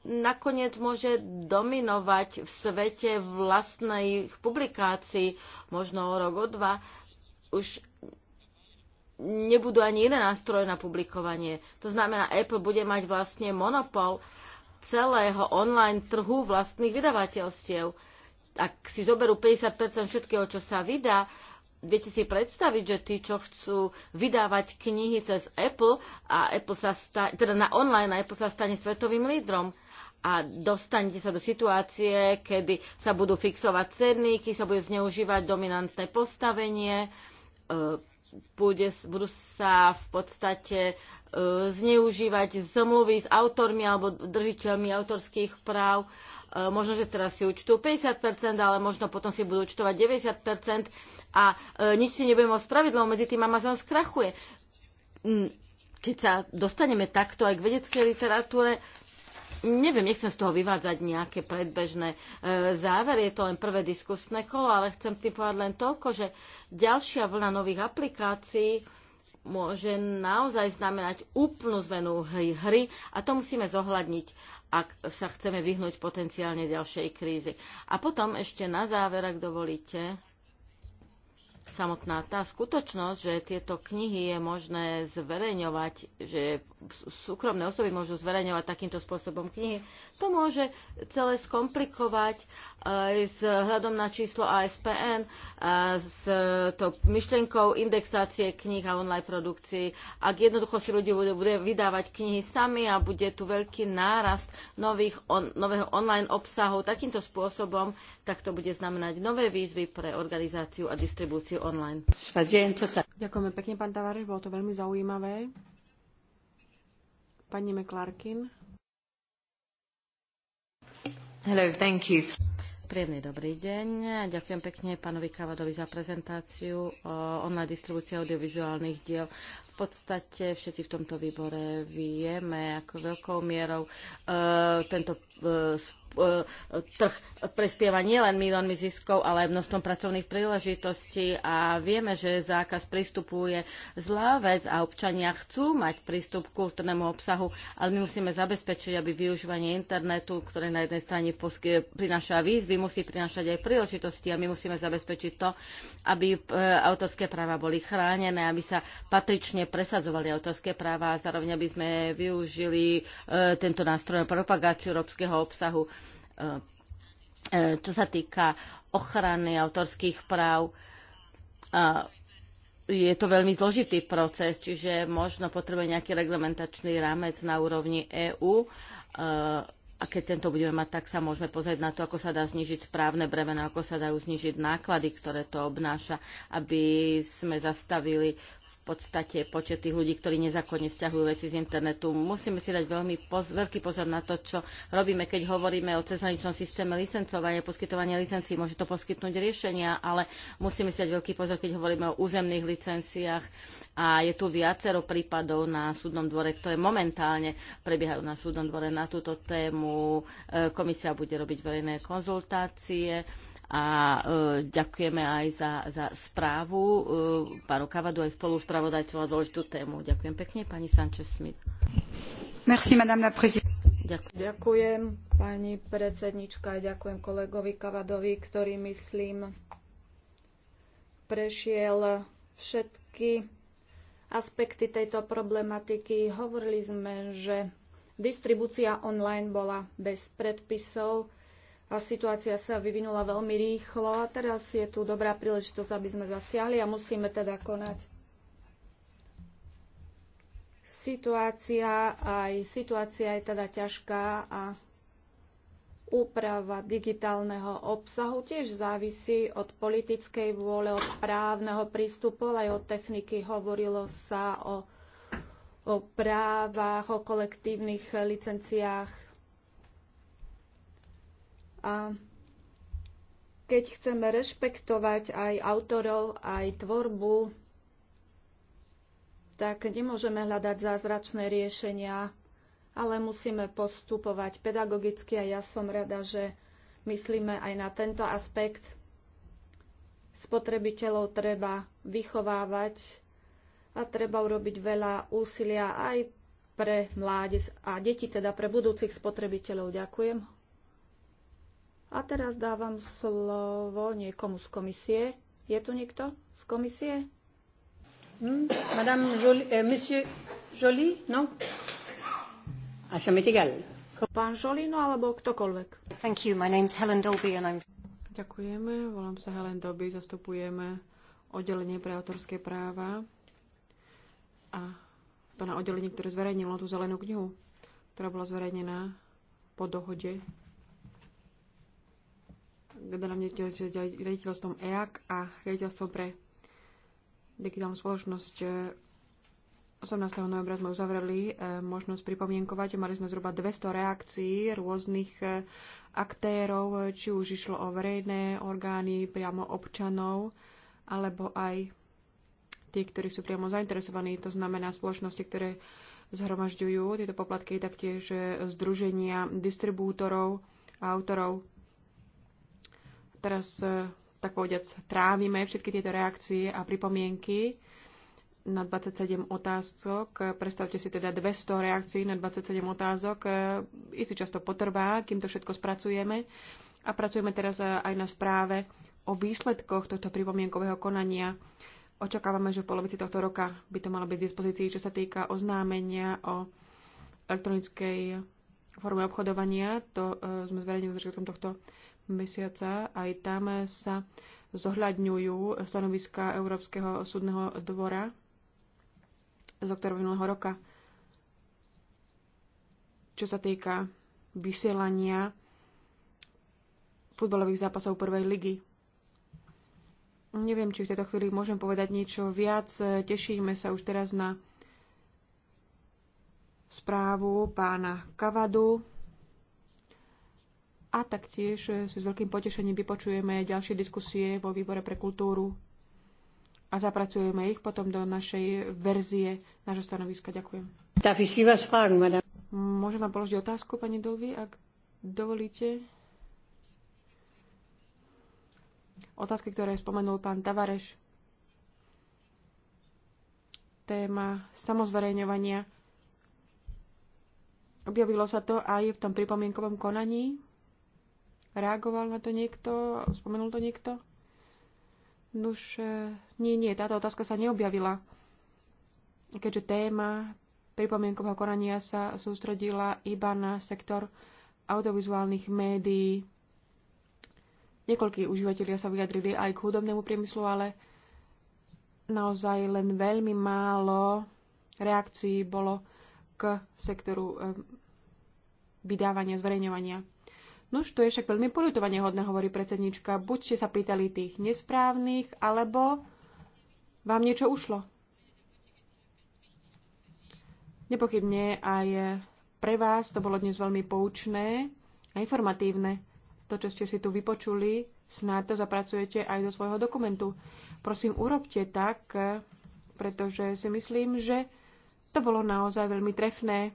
nakoniec môže dominovať v svete vlastných publikácií, možno o rok, o dva, už nebudú ani iné nástroje na publikovanie. To znamená, Apple bude mať vlastne monopol celého online trhu vlastných vydavateľstiev. Ak si zoberú 50% všetkého, čo sa vydá, viete si predstaviť, že tí, čo chcú vydávať knihy cez Apple, a Apple sa sta- teda na online, a Apple sa stane svetovým lídrom a dostanete sa do situácie, kedy sa budú fixovať ceny, keď sa bude zneužívať dominantné postavenie, e, bude, budú sa v podstate E, zneužívať zmluvy s autormi alebo držiteľmi autorských práv. E, možno, že teraz si účtujú 50%, ale možno potom si budú účtovať 90% a e, nič si nebudeme môcť spravidlom, medzi tým Amazon skrachuje. Keď sa dostaneme takto aj k vedeckej literatúre, neviem, nechcem z toho vyvádzať nejaké predbežné závery, je to len prvé diskusné kolo, ale chcem tým povedať len toľko, že ďalšia vlna nových aplikácií, môže naozaj znamenať úplnú zmenu hry, hry a to musíme zohľadniť, ak sa chceme vyhnúť potenciálne ďalšej krízy. A potom ešte na záver, ak dovolíte, samotná tá skutočnosť, že tieto knihy je možné zverejňovať, že súkromné osoby môžu zverejňovať takýmto spôsobom knihy. To môže celé skomplikovať aj eh, s hľadom na číslo ASPN, a s eh, to myšlienkou indexácie kníh a online produkcií. Ak jednoducho si ľudia bude, bude vydávať knihy sami a bude tu veľký nárast nových on, nového online obsahu takýmto spôsobom, tak to bude znamenať nové výzvy pre organizáciu a distribúciu online. Ďakujeme pekne, pán Tavares, bolo to veľmi zaujímavé. Pani McClarkin. Hello, thank you. Príjemný dobrý deň. Ďakujem pekne pánovi Kavadovi za prezentáciu online distribúcie audiovizuálnych diel v v podstate všetci v tomto výbore vieme, ako veľkou mierou uh, tento uh, trh prespieva nielen miliónmi ziskov, ale aj množstvom pracovných príležitostí a vieme, že zákaz prístupu je zlá vec a občania chcú mať prístup k kultúrnemu obsahu, ale my musíme zabezpečiť, aby využívanie internetu, ktoré na jednej strane prináša výzvy, musí prinášať aj príležitosti a my musíme zabezpečiť to, aby autorské práva boli chránené, aby sa patrične aktívne presadzovali autorské práva a zároveň aby sme využili e, tento nástroj na propagáciu európskeho obsahu. E, e, čo sa týka ochrany autorských práv, je to veľmi zložitý proces, čiže možno potrebuje nejaký reglementačný rámec na úrovni EÚ. A keď tento budeme mať, tak sa môžeme pozrieť na to, ako sa dá znižiť správne bremeno, ako sa dajú znižiť náklady, ktoré to obnáša, aby sme zastavili podstate počet tých ľudí, ktorí nezákonne stiahujú veci z internetu. Musíme si dať veľmi poz, veľký pozor na to, čo robíme, keď hovoríme o cezhraničnom systéme licencovania, poskytovania licencií. Môže to poskytnúť riešenia, ale musíme si dať veľký pozor, keď hovoríme o územných licenciách. A je tu viacero prípadov na súdnom dvore, ktoré momentálne prebiehajú na súdnom dvore na túto tému. E, komisia bude robiť verejné konzultácie a e, ďakujeme aj za, za správu e, pánu Kavadu aj spolu na dôležitú tému. Ďakujem pekne, pani Sanchez-Smith. Merci, madame la Ďakujem. ďakujem, pani predsednička, ďakujem kolegovi Kavadovi, ktorý, myslím, prešiel všetky aspekty tejto problematiky. Hovorili sme, že distribúcia online bola bez predpisov, a situácia sa vyvinula veľmi rýchlo a teraz je tu dobrá príležitosť, aby sme zasiahli a musíme teda konať. Situácia aj situácia je teda ťažká a úprava digitálneho obsahu tiež závisí od politickej vôle, od právneho prístupu, ale aj od techniky. Hovorilo sa o, o právach, o kolektívnych licenciách a keď chceme rešpektovať aj autorov, aj tvorbu, tak nemôžeme hľadať zázračné riešenia, ale musíme postupovať pedagogicky a ja som rada, že myslíme aj na tento aspekt. Spotrebiteľov treba vychovávať a treba urobiť veľa úsilia aj pre mládež a deti, teda pre budúcich spotrebiteľov. Ďakujem. A teraz dávam slovo niekomu z komisie. Je tu niekto z komisie? Hmm? Madame Jolie, eh, Monsieur Jolie, no? A sa mi Pán Žolino alebo ktokoľvek. Thank you. My is Helen Dolby and I'm... Ďakujeme. Volám sa Helen Dolby. Zastupujeme oddelenie pre autorské práva a to na oddelenie, ktoré zverejnilo tú zelenú knihu, ktorá bola zverejnená po dohode generálnym riaditeľstvom EAC a riaditeľstvom pre digitálnu spoločnosť 18. E, novembra sme uzavreli e, možnosť pripomienkovať. Mali sme zhruba 200 reakcií rôznych e, aktérov, či už išlo o verejné orgány, priamo občanov, alebo aj tie, ktorí sú priamo zainteresovaní, to znamená spoločnosti, ktoré zhromažďujú tieto poplatky, taktiež združenia distribútorov a autorov teraz, e, tak povediac, trávime všetky tieto reakcie a pripomienky na 27 otázok. Predstavte si teda 200 reakcií na 27 otázok. E, si často potrvá, kým to všetko spracujeme. A pracujeme teraz e, aj na správe o výsledkoch tohto pripomienkového konania. Očakávame, že v polovici tohto roka by to malo byť v dispozícii, čo sa týka oznámenia o elektronickej forme obchodovania. To sme zverejnili začiatkom tohto mesiaca. Aj tam sa zohľadňujú stanoviska Európskeho súdneho dvora z oktobra minulého roka. Čo sa týka vysielania futbalových zápasov prvej ligy. Neviem, či v tejto chvíli môžem povedať niečo viac. Tešíme sa už teraz na správu pána Kavadu a taktiež si e, s veľkým potešením vypočujeme ďalšie diskusie vo výbore pre kultúru a zapracujeme ich potom do našej verzie nášho stanoviska. Ďakujem. Môžem vám položiť otázku, pani Dolvi, ak dovolíte? Otázky, ktoré spomenul pán Tavareš. Téma samozverejňovania. Objavilo sa to aj v tom pripomienkovom konaní Reagoval na to niekto? Spomenul to niekto? Nuž, e, nie, nie, táto otázka sa neobjavila, keďže téma pripomienkového konania sa sústredila iba na sektor audiovizuálnych médií. Niekoľkí užívateľia sa vyjadrili aj k hudobnému priemyslu, ale naozaj len veľmi málo reakcií bolo k sektoru e, vydávania, zverejňovania už to je však veľmi poľutovanie hodné, hovorí predsednička. Buď ste sa pýtali tých nesprávnych, alebo vám niečo ušlo. Nepochybne aj pre vás to bolo dnes veľmi poučné a informatívne. To, čo ste si tu vypočuli, snáď to zapracujete aj do svojho dokumentu. Prosím, urobte tak, pretože si myslím, že to bolo naozaj veľmi trefné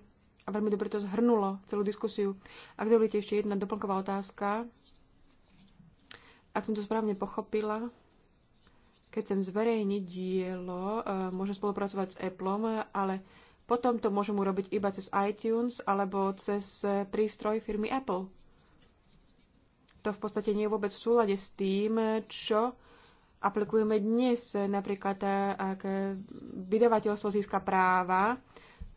a veľmi dobre to zhrnulo, celú diskusiu. Ak dovolíte ešte jedna doplnková otázka, ak som to správne pochopila, keď chcem zverejniť dielo, e, môžem spolupracovať s Apple, ale potom to môžem urobiť iba cez iTunes alebo cez e, prístroj firmy Apple. To v podstate nie je vôbec v súlade s tým, čo aplikujeme dnes. Napríklad, e, ak vydavateľstvo získa práva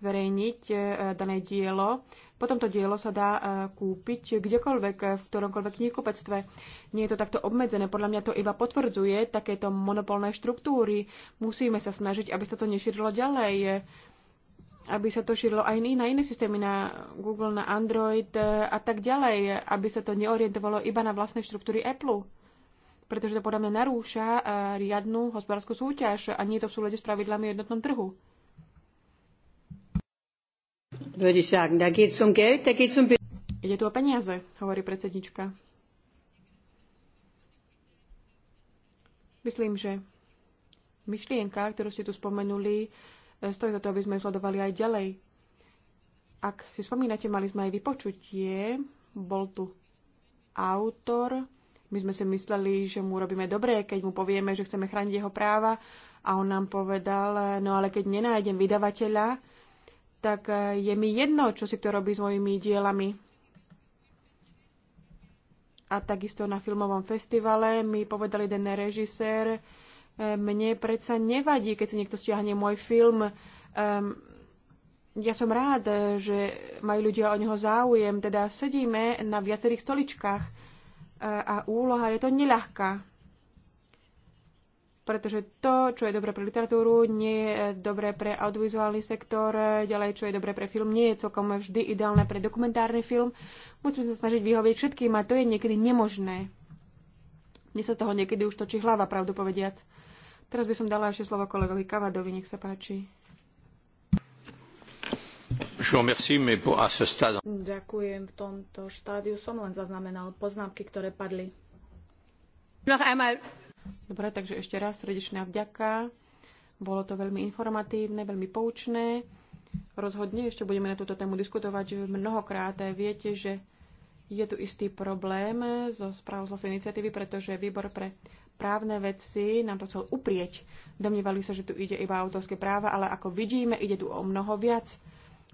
zverejniť e, dané dielo. Potom to dielo sa dá e, kúpiť kdekoľvek, e, v ktoromkoľvek knihkupectve. Nie je to takto obmedzené. Podľa mňa to iba potvrdzuje takéto monopolné štruktúry. Musíme sa snažiť, aby sa to nešírilo ďalej aby sa to šírilo aj na iné systémy, na Google, na Android a tak ďalej, aby sa to neorientovalo iba na vlastné štruktúry Apple. Pretože to podľa mňa narúša riadnu hospodárskú súťaž a nie je to v súlade s pravidlami o jednotnom trhu würde ich sagen. Da geht es um Geld, da geht es um... Ide tu o peniaze, hovorí predsednička. Myslím, že myšlienka, ktorú ste tu spomenuli, e, stojí za to, aby sme sledovali aj ďalej. Ak si spomínate, mali sme aj vypočutie, bol tu autor, my sme si mysleli, že mu robíme dobre, keď mu povieme, že chceme chrániť jeho práva a on nám povedal, no ale keď nenájdem vydavateľa, tak e, je mi jedno, čo si to robí s mojimi dielami. A takisto na filmovom festivale mi povedal jeden režisér, e, mne predsa nevadí, keď si niekto stiahne môj film. Um, ja som rád, že majú ľudia o neho záujem, teda sedíme na viacerých stoličkách e, a úloha je to neľahká pretože to, čo je dobré pre literatúru, nie je eh, dobré pre audiovizuálny sektor, eh, ďalej, čo je dobré pre film, nie je celkom vždy ideálne pre dokumentárny film. Musíme sa snažiť vyhovieť všetkým a to je niekedy nemožné. Mne sa z toho niekedy už točí hlava, pravdu povediac. Teraz by som dala ešte slovo kolegovi Kavadovi, nech sa páči. Ďakujem. V tomto štádiu som len zaznamenal poznámky, ktoré padli. Noch einmal Dobre, takže ešte raz srdečná vďaka. Bolo to veľmi informatívne, veľmi poučné. Rozhodne ešte budeme na túto tému diskutovať mnohokrát. Viete, že je tu istý problém zo správou zlasej iniciatívy, pretože výbor pre právne veci nám to chcel uprieť. Domnívali sa, že tu ide iba autorské práva, ale ako vidíme, ide tu o mnoho viac.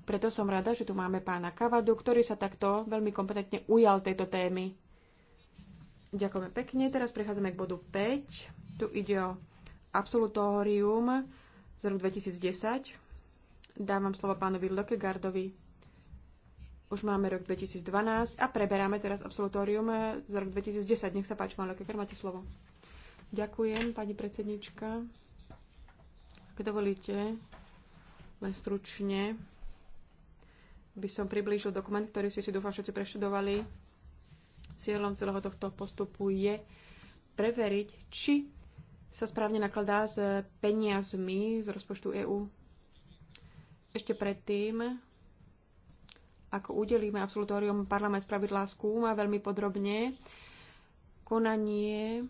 Preto som rada, že tu máme pána Kavadu, ktorý sa takto veľmi kompetentne ujal tejto témy. Ďakujeme pekne. Teraz prechádzame k bodu 5. Tu ide o absolutórium z roku 2010. Dávam slovo pánovi Lokegardovi. Už máme rok 2012 a preberáme teraz absolutórium z roku 2010. Nech sa páči, pán Lokegard, máte slovo. Ďakujem, pani predsednička. Ak dovolíte, len stručne by som priblížil dokument, ktorý ste si dúfam všetci preštudovali Cieľom celého tohto postupu je preveriť, či sa správne nakladá s peniazmi z rozpočtu EÚ. Ešte predtým, ako udelíme absolutórium, parlament spravidlá skúma veľmi podrobne konanie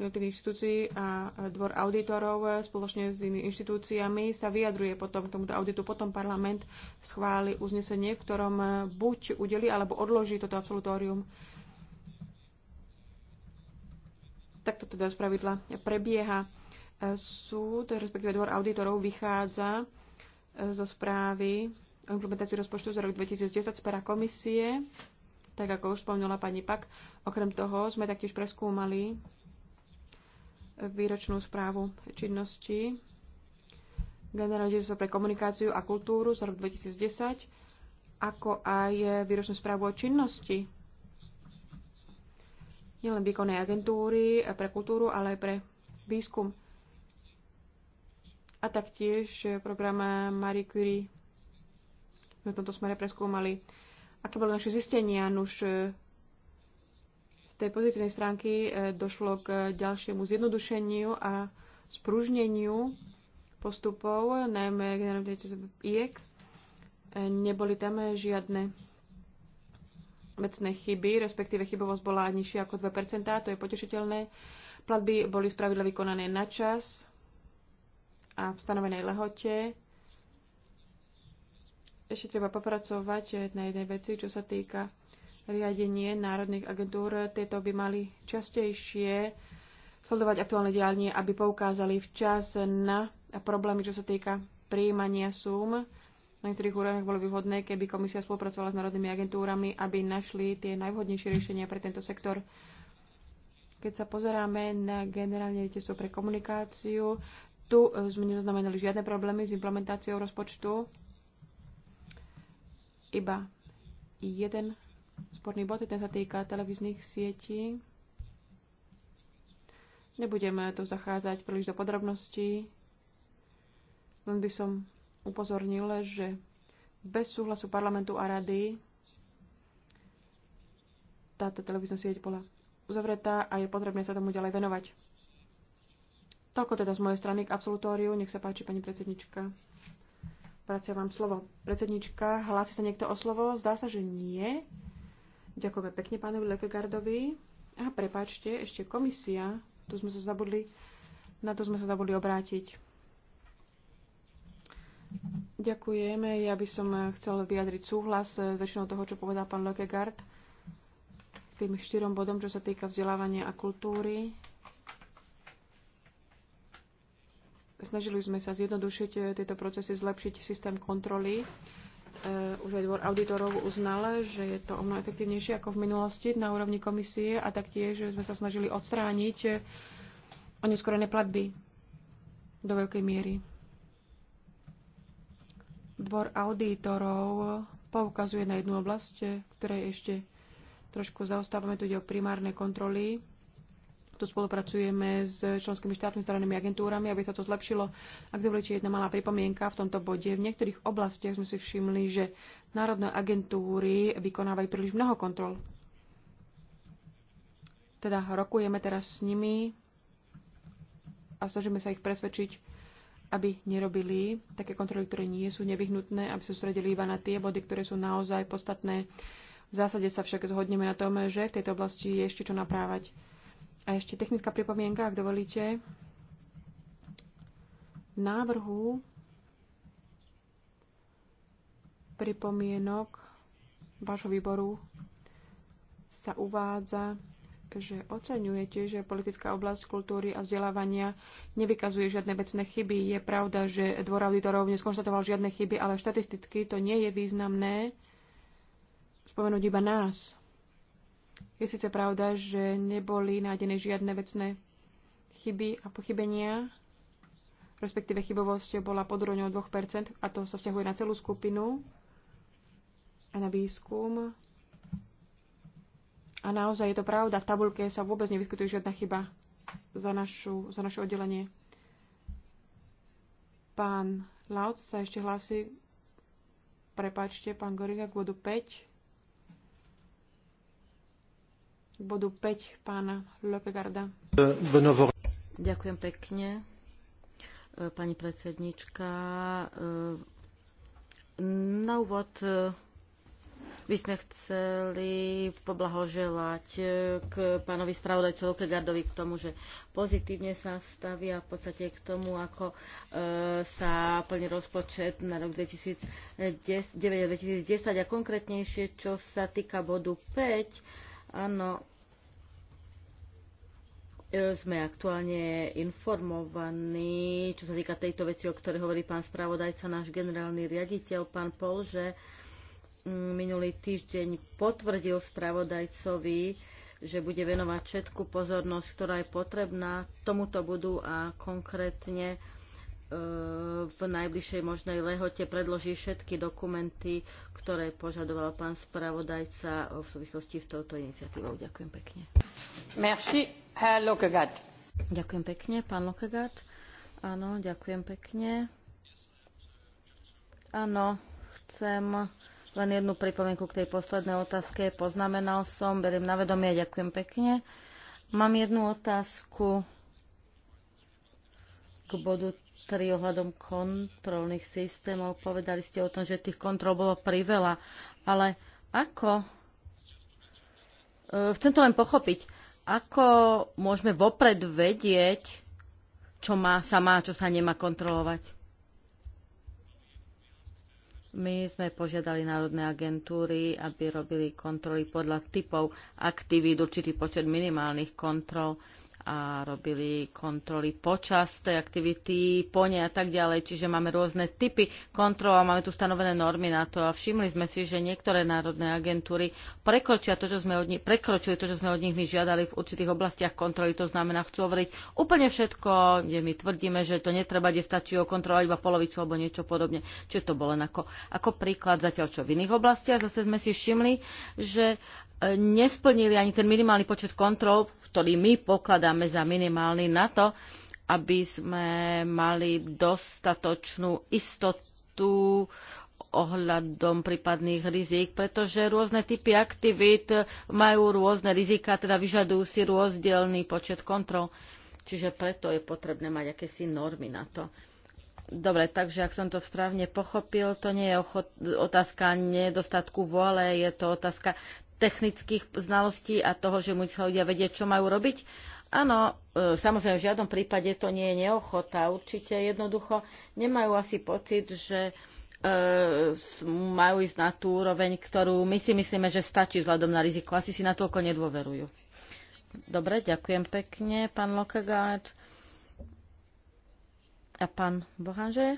jednotlivých inštitúcií a dvor auditorov spoločne s inými inštitúciami sa vyjadruje potom k tomuto auditu. Potom parlament schváli uznesenie, v ktorom buď udeli alebo odloží toto absolutórium. Takto teda z pravidla prebieha. Súd, respektíve dvor auditorov, vychádza zo správy o implementácii rozpočtu za rok 2010 z pera komisie, tak ako už spomínala pani Pak. Okrem toho sme taktiež preskúmali výročnú správu činnosti Generálne sa pre komunikáciu a kultúru za rok 2010, ako aj výročnú správu o činnosti nielen výkonnej agentúry pre kultúru, ale aj pre výskum a taktiež program Marie Curie. Sme v tomto smere preskúmali, aké boli naše zistenia. Nuž tej pozitívnej stránky e, došlo k ďalšiemu zjednodušeniu a sprúžneniu postupov, najmä generálne IEK. Neboli tam žiadne vecné chyby, respektíve chybovosť bola nižšia ako 2%, to je potešiteľné. Platby boli spravidla vykonané na čas a v stanovenej lehote. Ešte treba popracovať na jednej veci, čo sa týka riadenie národných agentúr. Tieto by mali častejšie sledovať aktuálne diálnie, aby poukázali včas na problémy, čo sa týka príjmania súm. Na niektorých úrovniach bolo by vhodné, keby komisia spolupracovala s národnými agentúrami, aby našli tie najvhodnejšie riešenia pre tento sektor. Keď sa pozeráme na generálne riaditeľstvo pre komunikáciu, tu e, sme nezaznamenali žiadne problémy s implementáciou rozpočtu. Iba jeden sporný bod, ten sa týka televíznych sietí. Nebudeme tu zachádzať príliš do podrobností, len by som upozornil, že bez súhlasu parlamentu a rady táto televízna sieť bola uzavretá a je potrebné sa tomu ďalej venovať. Toľko teda z mojej strany k absolutóriu. Nech sa páči, pani predsednička. Vracia vám slovo. Predsednička, hlási sa niekto o slovo? Zdá sa, že nie. Ďakujeme pekne pánovi Lekegardovi. A prepáčte, ešte komisia, tu sme sa zabudli, na to sme sa zabudli obrátiť. Ďakujeme. Ja by som chcel vyjadriť súhlas väčšinou toho, čo povedal pán Lekegard k tým štyrom bodom, čo sa týka vzdelávania a kultúry. Snažili sme sa zjednodušiť tieto procesy, zlepšiť systém kontroly Eh, už aj dvor auditorov uznal, že je to o mnoho efektívnejšie ako v minulosti na úrovni komisie a taktiež že sme sa snažili odstrániť eh, oneskorené platby do veľkej miery. Dvor auditorov poukazuje na jednu oblasť, eh, ktorej ešte trošku zaostávame, tu ide o primárne kontroly tu spolupracujeme s členskými štátmi, stranými agentúrami, aby sa to zlepšilo. Ak dovolíte jedna malá pripomienka v tomto bode, v niektorých oblastiach sme si všimli, že národné agentúry vykonávajú príliš mnoho kontrol. Teda rokujeme teraz s nimi a snažíme sa ich presvedčiť, aby nerobili také kontroly, ktoré nie sú nevyhnutné, aby sa sredili iba na tie body, ktoré sú naozaj podstatné. V zásade sa však zhodneme na tom, že v tejto oblasti je ešte čo naprávať a ešte technická pripomienka, ak dovolíte. V návrhu pripomienok vášho výboru sa uvádza, že oceňujete, že politická oblasť kultúry a vzdelávania nevykazuje žiadne vecné chyby. Je pravda, že dvor auditorov neskonštatoval žiadne chyby, ale štatisticky to nie je významné spomenúť iba nás, je síce pravda, že neboli nájdené žiadne vecné chyby a pochybenia, respektíve chybovosť bola pod úrovňou 2%, a to sa vzťahuje na celú skupinu a na výskum. A naozaj je to pravda, v tabulke sa vôbec nevyskytuje žiadna chyba za, našu, za naše oddelenie. Pán Lauc sa ešte hlási. Prepačte, pán Goriga, k vodu 5. bodu 5 pána Lokegarda. Ďakujem pekne, e, pani predsednička. E, na úvod e, by sme chceli poblahoželať k pánovi spravodajcu Lokegardovi, k tomu, že pozitívne sa stavia v podstate k tomu, ako sa plní rozpočet na rok 2009-2010 a konkrétnejšie, čo sa týka bodu 5, áno, sme aktuálne informovaní, čo sa týka tejto veci, o ktorej hovorí pán spravodajca, náš generálny riaditeľ, pán Pol, že mm, minulý týždeň potvrdil spravodajcovi, že bude venovať všetku pozornosť, ktorá je potrebná. Tomuto budú a konkrétne e, v najbližšej možnej lehote predloží všetky dokumenty, ktoré požadoval pán spravodajca v súvislosti s touto iniciatívou. Ďakujem pekne. Ďakujem pekne, pán Lokegaard. Áno, ďakujem pekne. Áno, chcem len jednu pripomienku k tej poslednej otázke. Poznamenal som, beriem na vedomie, ďakujem pekne. Mám jednu otázku k bodu 3 ohľadom kontrolných systémov. Povedali ste o tom, že tých kontrol bolo priveľa, ale ako? E, chcem to len pochopiť ako môžeme vopred vedieť, čo má sa má, čo sa nemá kontrolovať? My sme požiadali národné agentúry, aby robili kontroly podľa typov aktivít, určitý počet minimálnych kontrol a robili kontroly počas tej aktivity, po nej a tak ďalej. Čiže máme rôzne typy kontrol a máme tu stanovené normy na to a všimli sme si, že niektoré národné agentúry prekročia to, čo sme od nich, prekročili to, čo sme od nich my žiadali v určitých oblastiach kontroly. To znamená, chcú overiť úplne všetko, kde my tvrdíme, že to netreba, kde stačí kontrolovať iba polovicu alebo niečo podobne. Čiže to bolo len ako, ako príklad zatiaľ, čo v iných oblastiach. Zase sme si všimli, že e, nesplnili ani ten minimálny počet kontrol, ktorý my pokladáme pokladáme za minimálny na to, aby sme mali dostatočnú istotu ohľadom prípadných rizik, pretože rôzne typy aktivít majú rôzne rizika, teda vyžadujú si rozdielný počet kontrol. Čiže preto je potrebné mať akési normy na to. Dobre, takže ak som to správne pochopil, to nie je otázka nedostatku vôle, je to otázka technických znalostí a toho, že musia ľudia vedieť, čo majú robiť Áno, e, samozrejme, v žiadnom prípade to nie je neochota. Určite jednoducho nemajú asi pocit, že e, majú ísť na tú úroveň, ktorú my si myslíme, že stačí vzhľadom na riziko. Asi si natoľko nedôverujú. Dobre, ďakujem pekne, pán Lokegaard. A pán Bohanže?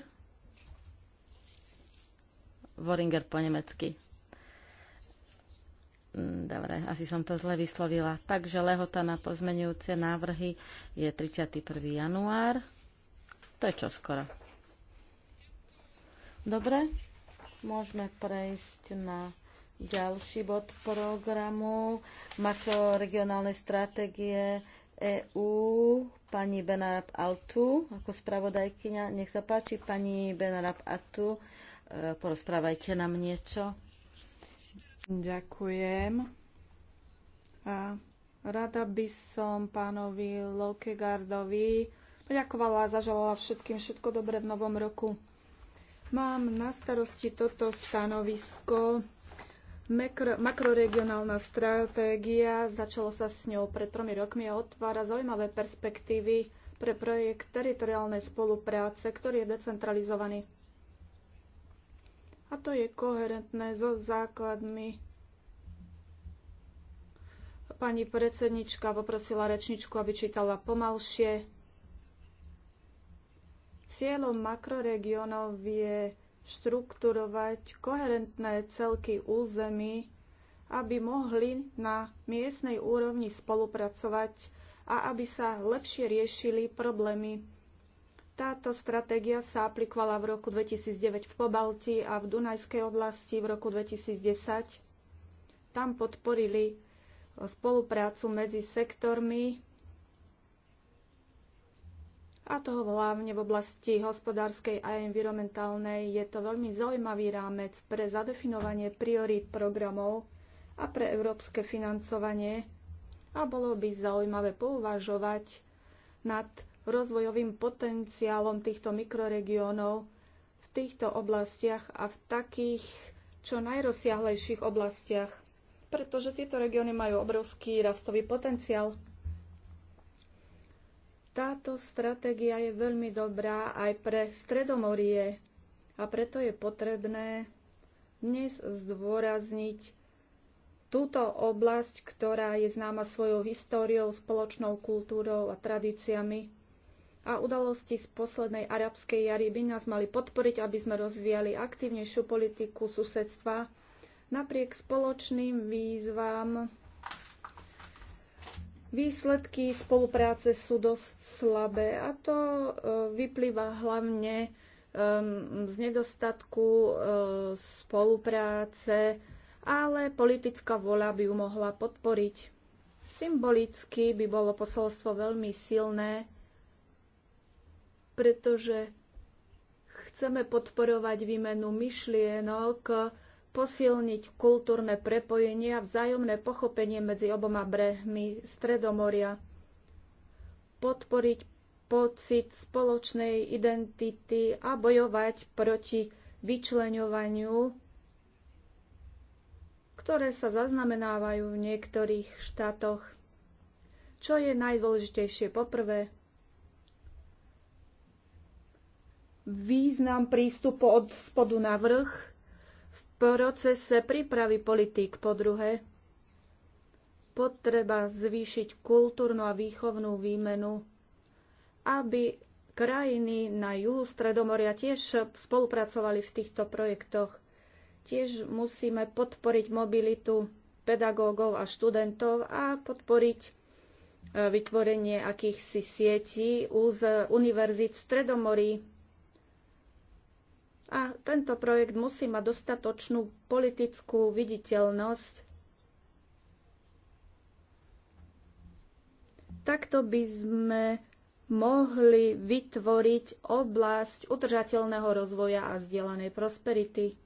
Voringer po nemecky. Mm, dobre, asi som to zle vyslovila. Takže lehota na pozmenujúce návrhy je 31. január. To je čo skoro. Dobre, môžeme prejsť na ďalší bod programu Makroregionálne stratégie EÚ pani Benarab Altu ako spravodajkyňa. Nech sa páči, pani Benarab Altu, e, porozprávajte nám niečo. Ďakujem. A rada by som pánovi Lokegardovi poďakovala a zaželala všetkým všetko dobre v novom roku. Mám na starosti toto stanovisko. Makro, makroregionálna stratégia začalo sa s ňou pred tromi rokmi a otvára zaujímavé perspektívy pre projekt teritoriálnej spolupráce, ktorý je decentralizovaný. A to je koherentné so základmi. Pani predsednička poprosila rečničku, aby čítala pomalšie. Cieľom makroregionov je štrukturovať koherentné celky území, aby mohli na miestnej úrovni spolupracovať a aby sa lepšie riešili problémy. Táto stratégia sa aplikovala v roku 2009 v Pobalti a v Dunajskej oblasti v roku 2010. Tam podporili e, spoluprácu medzi sektormi a toho hlavne v oblasti hospodárskej a environmentálnej. Je to veľmi zaujímavý rámec pre zadefinovanie priorít programov a pre európske financovanie a bolo by zaujímavé pouvažovať nad rozvojovým potenciálom týchto mikroregiónov v týchto oblastiach a v takých čo najrozsiahlejších oblastiach, pretože tieto regióny majú obrovský rastový potenciál. Táto stratégia je veľmi dobrá aj pre Stredomorie a preto je potrebné dnes zdôrazniť túto oblasť, ktorá je známa svojou históriou, spoločnou kultúrou a tradíciami a udalosti z poslednej arabskej jary by nás mali podporiť, aby sme rozvíjali aktívnejšiu politiku susedstva napriek spoločným výzvam. Výsledky spolupráce sú dosť slabé a to e, vyplýva hlavne e, z nedostatku e, spolupráce, ale politická vola by ju mohla podporiť. Symbolicky by bolo posolstvo veľmi silné, pretože chceme podporovať výmenu myšlienok, posilniť kultúrne prepojenie a vzájomné pochopenie medzi oboma brehmi Stredomoria, podporiť pocit spoločnej identity a bojovať proti vyčleňovaniu, ktoré sa zaznamenávajú v niektorých štátoch. Čo je najdôležitejšie? Poprvé, význam prístupu od spodu na vrch v procese prípravy politík. Po druhé, potreba zvýšiť kultúrnu a výchovnú výmenu, aby krajiny na juhu Stredomoria tiež spolupracovali v týchto projektoch. Tiež musíme podporiť mobilitu pedagógov a študentov a podporiť e, vytvorenie akýchsi sietí univerzít v Stredomorí a tento projekt musí mať dostatočnú politickú viditeľnosť. Takto by sme mohli vytvoriť oblasť udržateľného rozvoja a zdieľanej prosperity.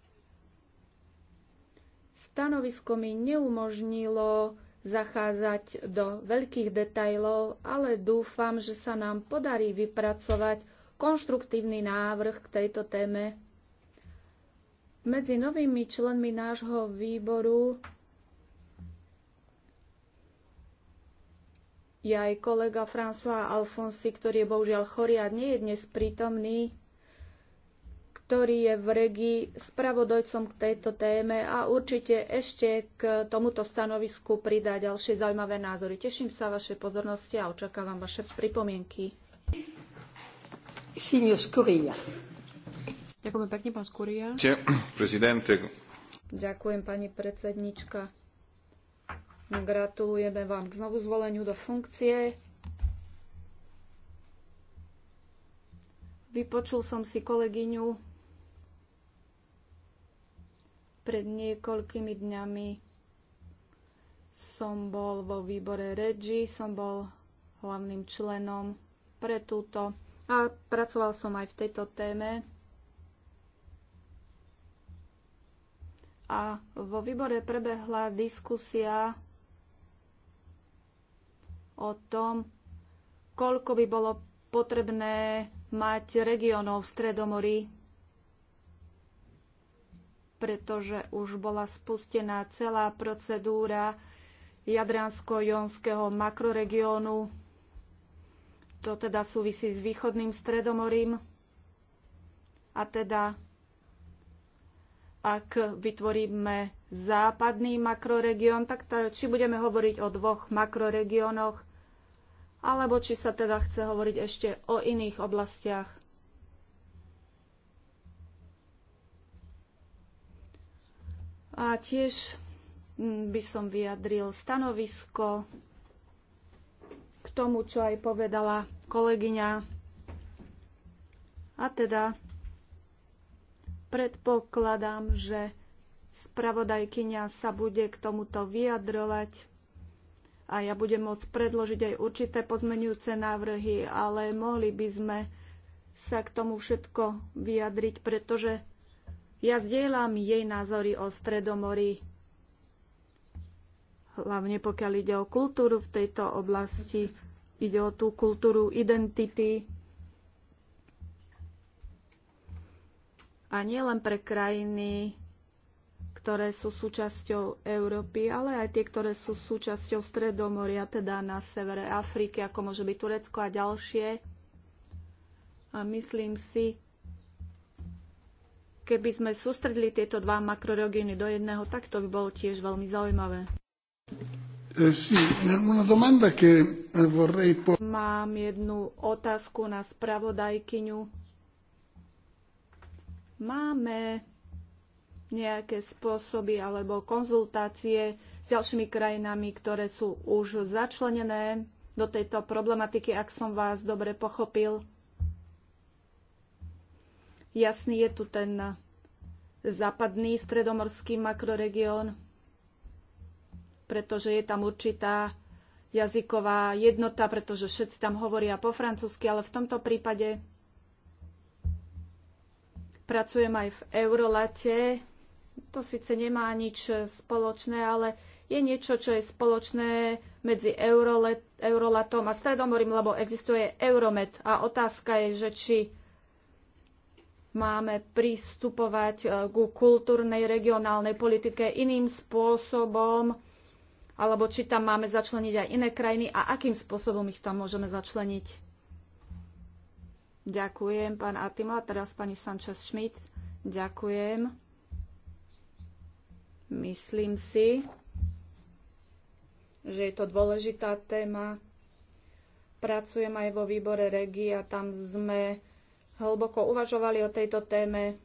Stanovisko mi neumožnilo zachádzať do veľkých detajlov, ale dúfam, že sa nám podarí vypracovať konštruktívny návrh k tejto téme medzi novými členmi nášho výboru je aj kolega François Alfonsi, ktorý je bohužiaľ chorý a nie je dnes prítomný, ktorý je v regii spravodajcom k tejto téme a určite ešte k tomuto stanovisku pridá ďalšie zaujímavé názory. Teším sa vašej pozornosti a očakávam vaše pripomienky. Signor Scoria. Ďakujem pekne, pán Skúria. Ďakujem, pani predsednička. Gratulujeme vám k znovu zvoleniu do funkcie. Vypočul som si kolegyňu pred niekoľkými dňami. Som bol vo výbore REGI, som bol hlavným členom pre túto a pracoval som aj v tejto téme. a vo výbore prebehla diskusia o tom, koľko by bolo potrebné mať regionov v Stredomorí, pretože už bola spustená celá procedúra Jadransko-Jonského makroregiónu. To teda súvisí s východným Stredomorím a teda ak vytvoríme západný makroregión, tak či budeme hovoriť o dvoch makroregiónoch, alebo či sa teda chce hovoriť ešte o iných oblastiach. A tiež mm, by som vyjadril stanovisko k tomu, čo aj povedala kolegyňa. A teda Predpokladám, že spravodajkyňa sa bude k tomuto vyjadrovať a ja budem môcť predložiť aj určité pozmenujúce návrhy, ale mohli by sme sa k tomu všetko vyjadriť, pretože ja zdieľam jej názory o Stredomorí, hlavne pokiaľ ide o kultúru v tejto oblasti, ide o tú kultúru identity, a nie len pre krajiny, ktoré sú súčasťou Európy, ale aj tie, ktoré sú súčasťou Stredomoria, teda na severe Afriky, ako môže byť Turecko a ďalšie. A myslím si, keby sme sústredili tieto dva makroregióny do jedného, tak to by bolo tiež veľmi zaujímavé. Eh, eh, eh, Mám jednu otázku na spravodajkyňu. Máme nejaké spôsoby alebo konzultácie s ďalšími krajinami, ktoré sú už začlenené do tejto problematiky, ak som vás dobre pochopil. Jasný je tu ten západný stredomorský makroregión, pretože je tam určitá jazyková jednota, pretože všetci tam hovoria po francúzsky, ale v tomto prípade Pracujem aj v Eurolate. To síce nemá nič spoločné, ale je niečo, čo je spoločné medzi Eurolet, Eurolatom a Stredomorím, lebo existuje Euromed. A otázka je, že či máme pristupovať e, ku kultúrnej regionálnej politike iným spôsobom, alebo či tam máme začleniť aj iné krajiny a akým spôsobom ich tam môžeme začleniť. Ďakujem, pán Atimo. A teraz pani Sanchez Schmidt. Ďakujem. Myslím si, že je to dôležitá téma. Pracujem aj vo výbore REGI a tam sme hlboko uvažovali o tejto téme.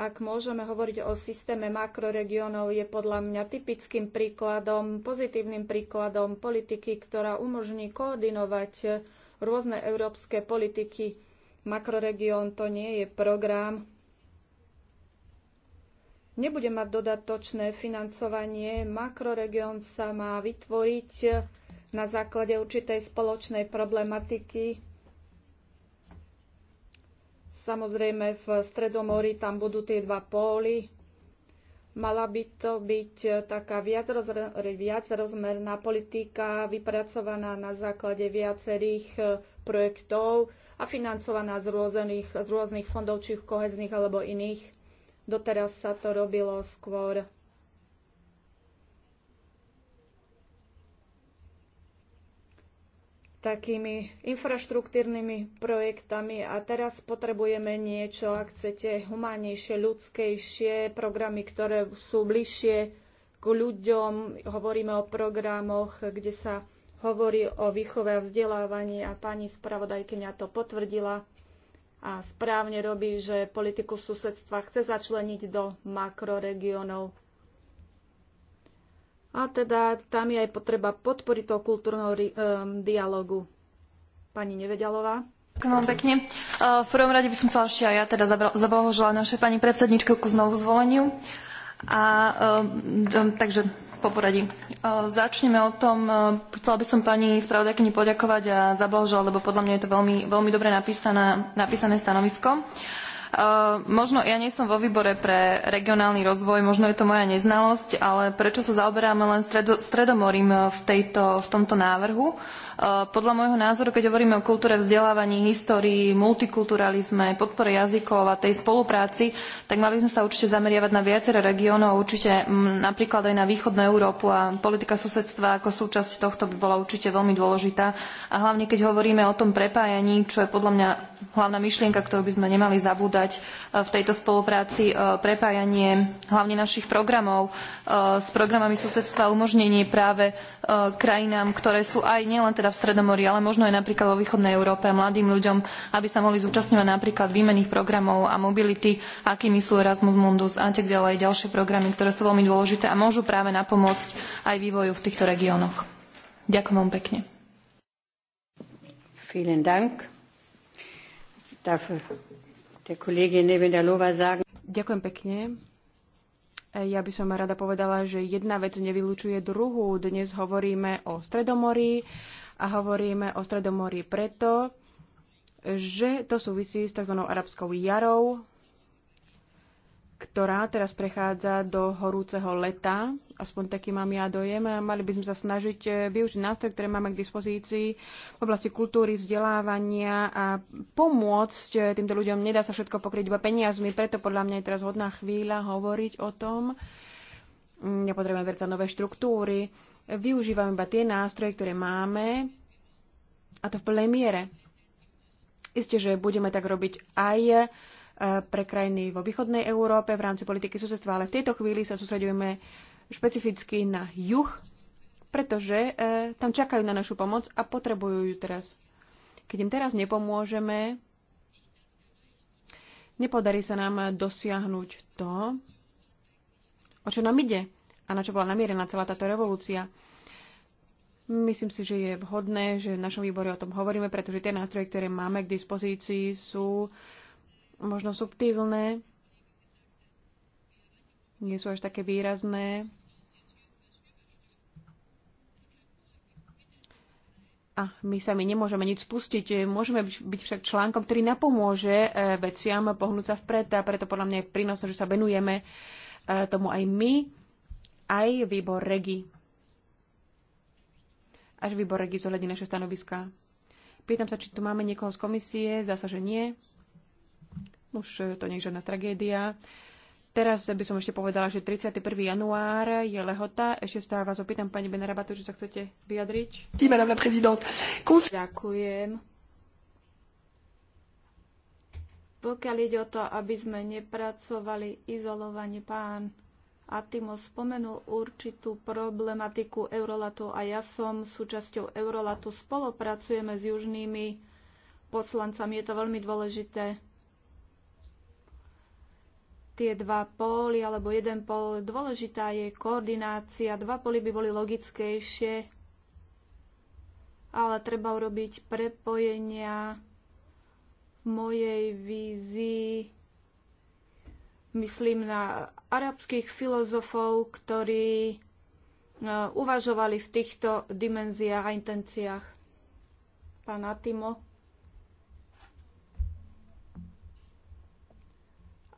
Ak môžeme hovoriť o systéme makroregiónov, je podľa mňa typickým príkladom, pozitívnym príkladom politiky, ktorá umožní koordinovať rôzne európske politiky. Makroregión to nie je program. Nebude mať dodatočné financovanie. Makroregión sa má vytvoriť na základe určitej spoločnej problematiky. Samozrejme v Stredomorí tam budú tie dva póly, Mala by to byť e, taká viacrozmerná rozmerná politika, vypracovaná na základe viacerých e, projektov a financovaná z rôznych, z rôznych fondov, či kohezných alebo iných. Doteraz sa to robilo skôr takými infraštruktúrnymi projektami a teraz potrebujeme niečo, ak chcete, humánnejšie, ľudskejšie, programy, ktoré sú bližšie k ľuďom. Hovoríme o programoch, kde sa hovorí o výchove a vzdelávaní a pani spravodajkyňa to potvrdila a správne robí, že politiku susedstva chce začleniť do makroregiónov a teda tam je aj potreba podporiť toho kultúrneho um, dialogu. Pani Nevedalová. Ďakujem vám pekne. E, v prvom rade by som sa ešte aj ja teda zablahožila našej pani predsedničke ku znovu zvoleniu. A, um, takže po poradí. Začneme o tom, chcela by som pani spravodajkyni poďakovať a zablahožila, lebo podľa mňa je to veľmi, veľmi dobre napísané, napísané stanovisko. Uh, Eh, možno ja nie som vo výbore pre regionálny rozvoj, možno je to moja neznalosť, ale prečo sa zaoberáme len stredo, stredomorím eh, v, tejto, v tomto návrhu? Eh, podľa môjho názoru, keď hovoríme o kultúre vzdelávaní, histórii, multikulturalizme, podpore jazykov a tej spolupráci, tak mali by sme sa určite zameriavať na viacero regiónov, určite mm, napríklad aj na východnú Európu a politika susedstva ako súčasť tohto by bola určite veľmi dôležitá. A hlavne keď hovoríme o tom prepájaní, čo je podľa mňa hlavná myšlienka, ktorú by sme nemali zabúdať, podporovať e, v tejto spolupráci e, prepájanie hlavne našich programov e, s programami susedstva a umožnenie práve krajinám, ktoré sú aj nielen teda v Stredomorí, ale možno aj napríklad vo východnej Európe a mladým ľuďom, aby sa mohli zúčastňovať napríklad výmených programov a mobility, akými sú Erasmus Mundus a tak ďalej, ďalšie programy, ktoré sú veľmi dôležité a môžu práve napomôcť aj vývoju v týchto regiónoch. Ďakujem vám pekne. Vielen Dank. Dafür Ďakujem pekne. E, ja by som rada povedala, že jedna vec nevylučuje druhú. Dnes hovoríme o Stredomorí a hovoríme o Stredomorí preto, že to súvisí s tzv. arabskou jarou, ktorá teraz prechádza do horúceho leta aspoň taký mám ja dojem. Mali by sme sa snažiť eh, využiť nástroj, ktoré máme k dispozícii v oblasti kultúry, vzdelávania a pomôcť eh, týmto ľuďom. Nedá sa všetko pokryť iba peniazmi, preto podľa mňa je teraz hodná chvíľa hovoriť o tom. Nepotrebujeme mm, veriť nové štruktúry. Využívame iba tie nástroje, ktoré máme a to v plnej miere. Isté, že budeme tak robiť aj eh, pre krajiny vo východnej Európe v rámci politiky susedstva, ale v tejto chvíli sa sústredujeme špecificky na juh, pretože e, tam čakajú na našu pomoc a potrebujú ju teraz. Keď im teraz nepomôžeme, nepodarí sa nám dosiahnuť to, o čo nám ide a na čo bola namierená celá táto revolúcia. Myslím si, že je vhodné, že v našom výbore o tom hovoríme, pretože tie nástroje, ktoré máme k dispozícii, sú možno subtilné, nie sú až také výrazné. A my sami nemôžeme nič spustiť. Môžeme byť však článkom, ktorý napomôže e, veciam pohnúť sa vpred a preto podľa mňa je prínosné, že sa venujeme e, tomu aj my, aj výbor REGI. Až výbor REGI zohľadí naše stanoviská. Pýtam sa, či tu máme niekoho z komisie. Zasa, že nie. Už e, to nie je žiadna tragédia. Teraz by som ešte povedala, že 31. január je lehota. Ešte sa vás opýtam, pani Benarabatu, že sa chcete vyjadriť. Ďakujem. Pokiaľ ide o to, aby sme nepracovali izolovanie, pán Atimo spomenul určitú problematiku Eurolatu a ja som súčasťou Eurolatu. Spolupracujeme s južnými poslancami. Je to veľmi dôležité tie dva póly alebo jeden pól. Dôležitá je koordinácia. Dva póly by boli logickejšie, ale treba urobiť prepojenia v mojej vízii. Myslím na arabských filozofov, ktorí e, uvažovali v týchto dimenziách a intenciách. Pán Atimo.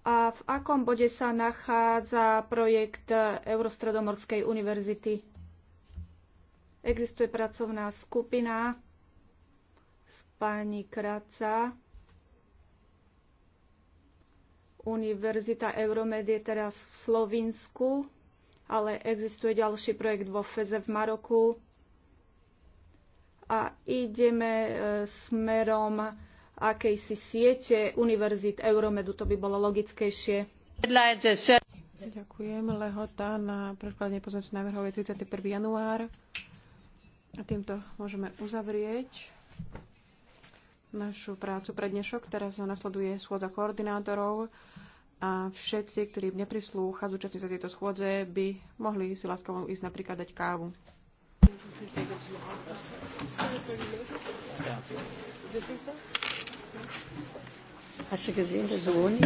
a v akom bode sa nachádza projekt Eurostredomorskej univerzity? Existuje pracovná skupina s pani Kraca. Univerzita Euromed je teraz v Slovinsku, ale existuje ďalší projekt vo Feze v Maroku. A ideme e, smerom akejsi siete univerzít Euromedu. To by bolo logickejšie. Ďakujem. Lehota na predkladne poznací návrhov je 31. január. A týmto môžeme uzavrieť našu prácu pre dnešok. Teraz nasleduje schôdza koordinátorov a všetci, ktorí neprislúcha zúčastní sa tejto schôdze, by mohli si láskovo ísť napríklad dať kávu. Ďakujem. Hast du gesehen, der Sohn?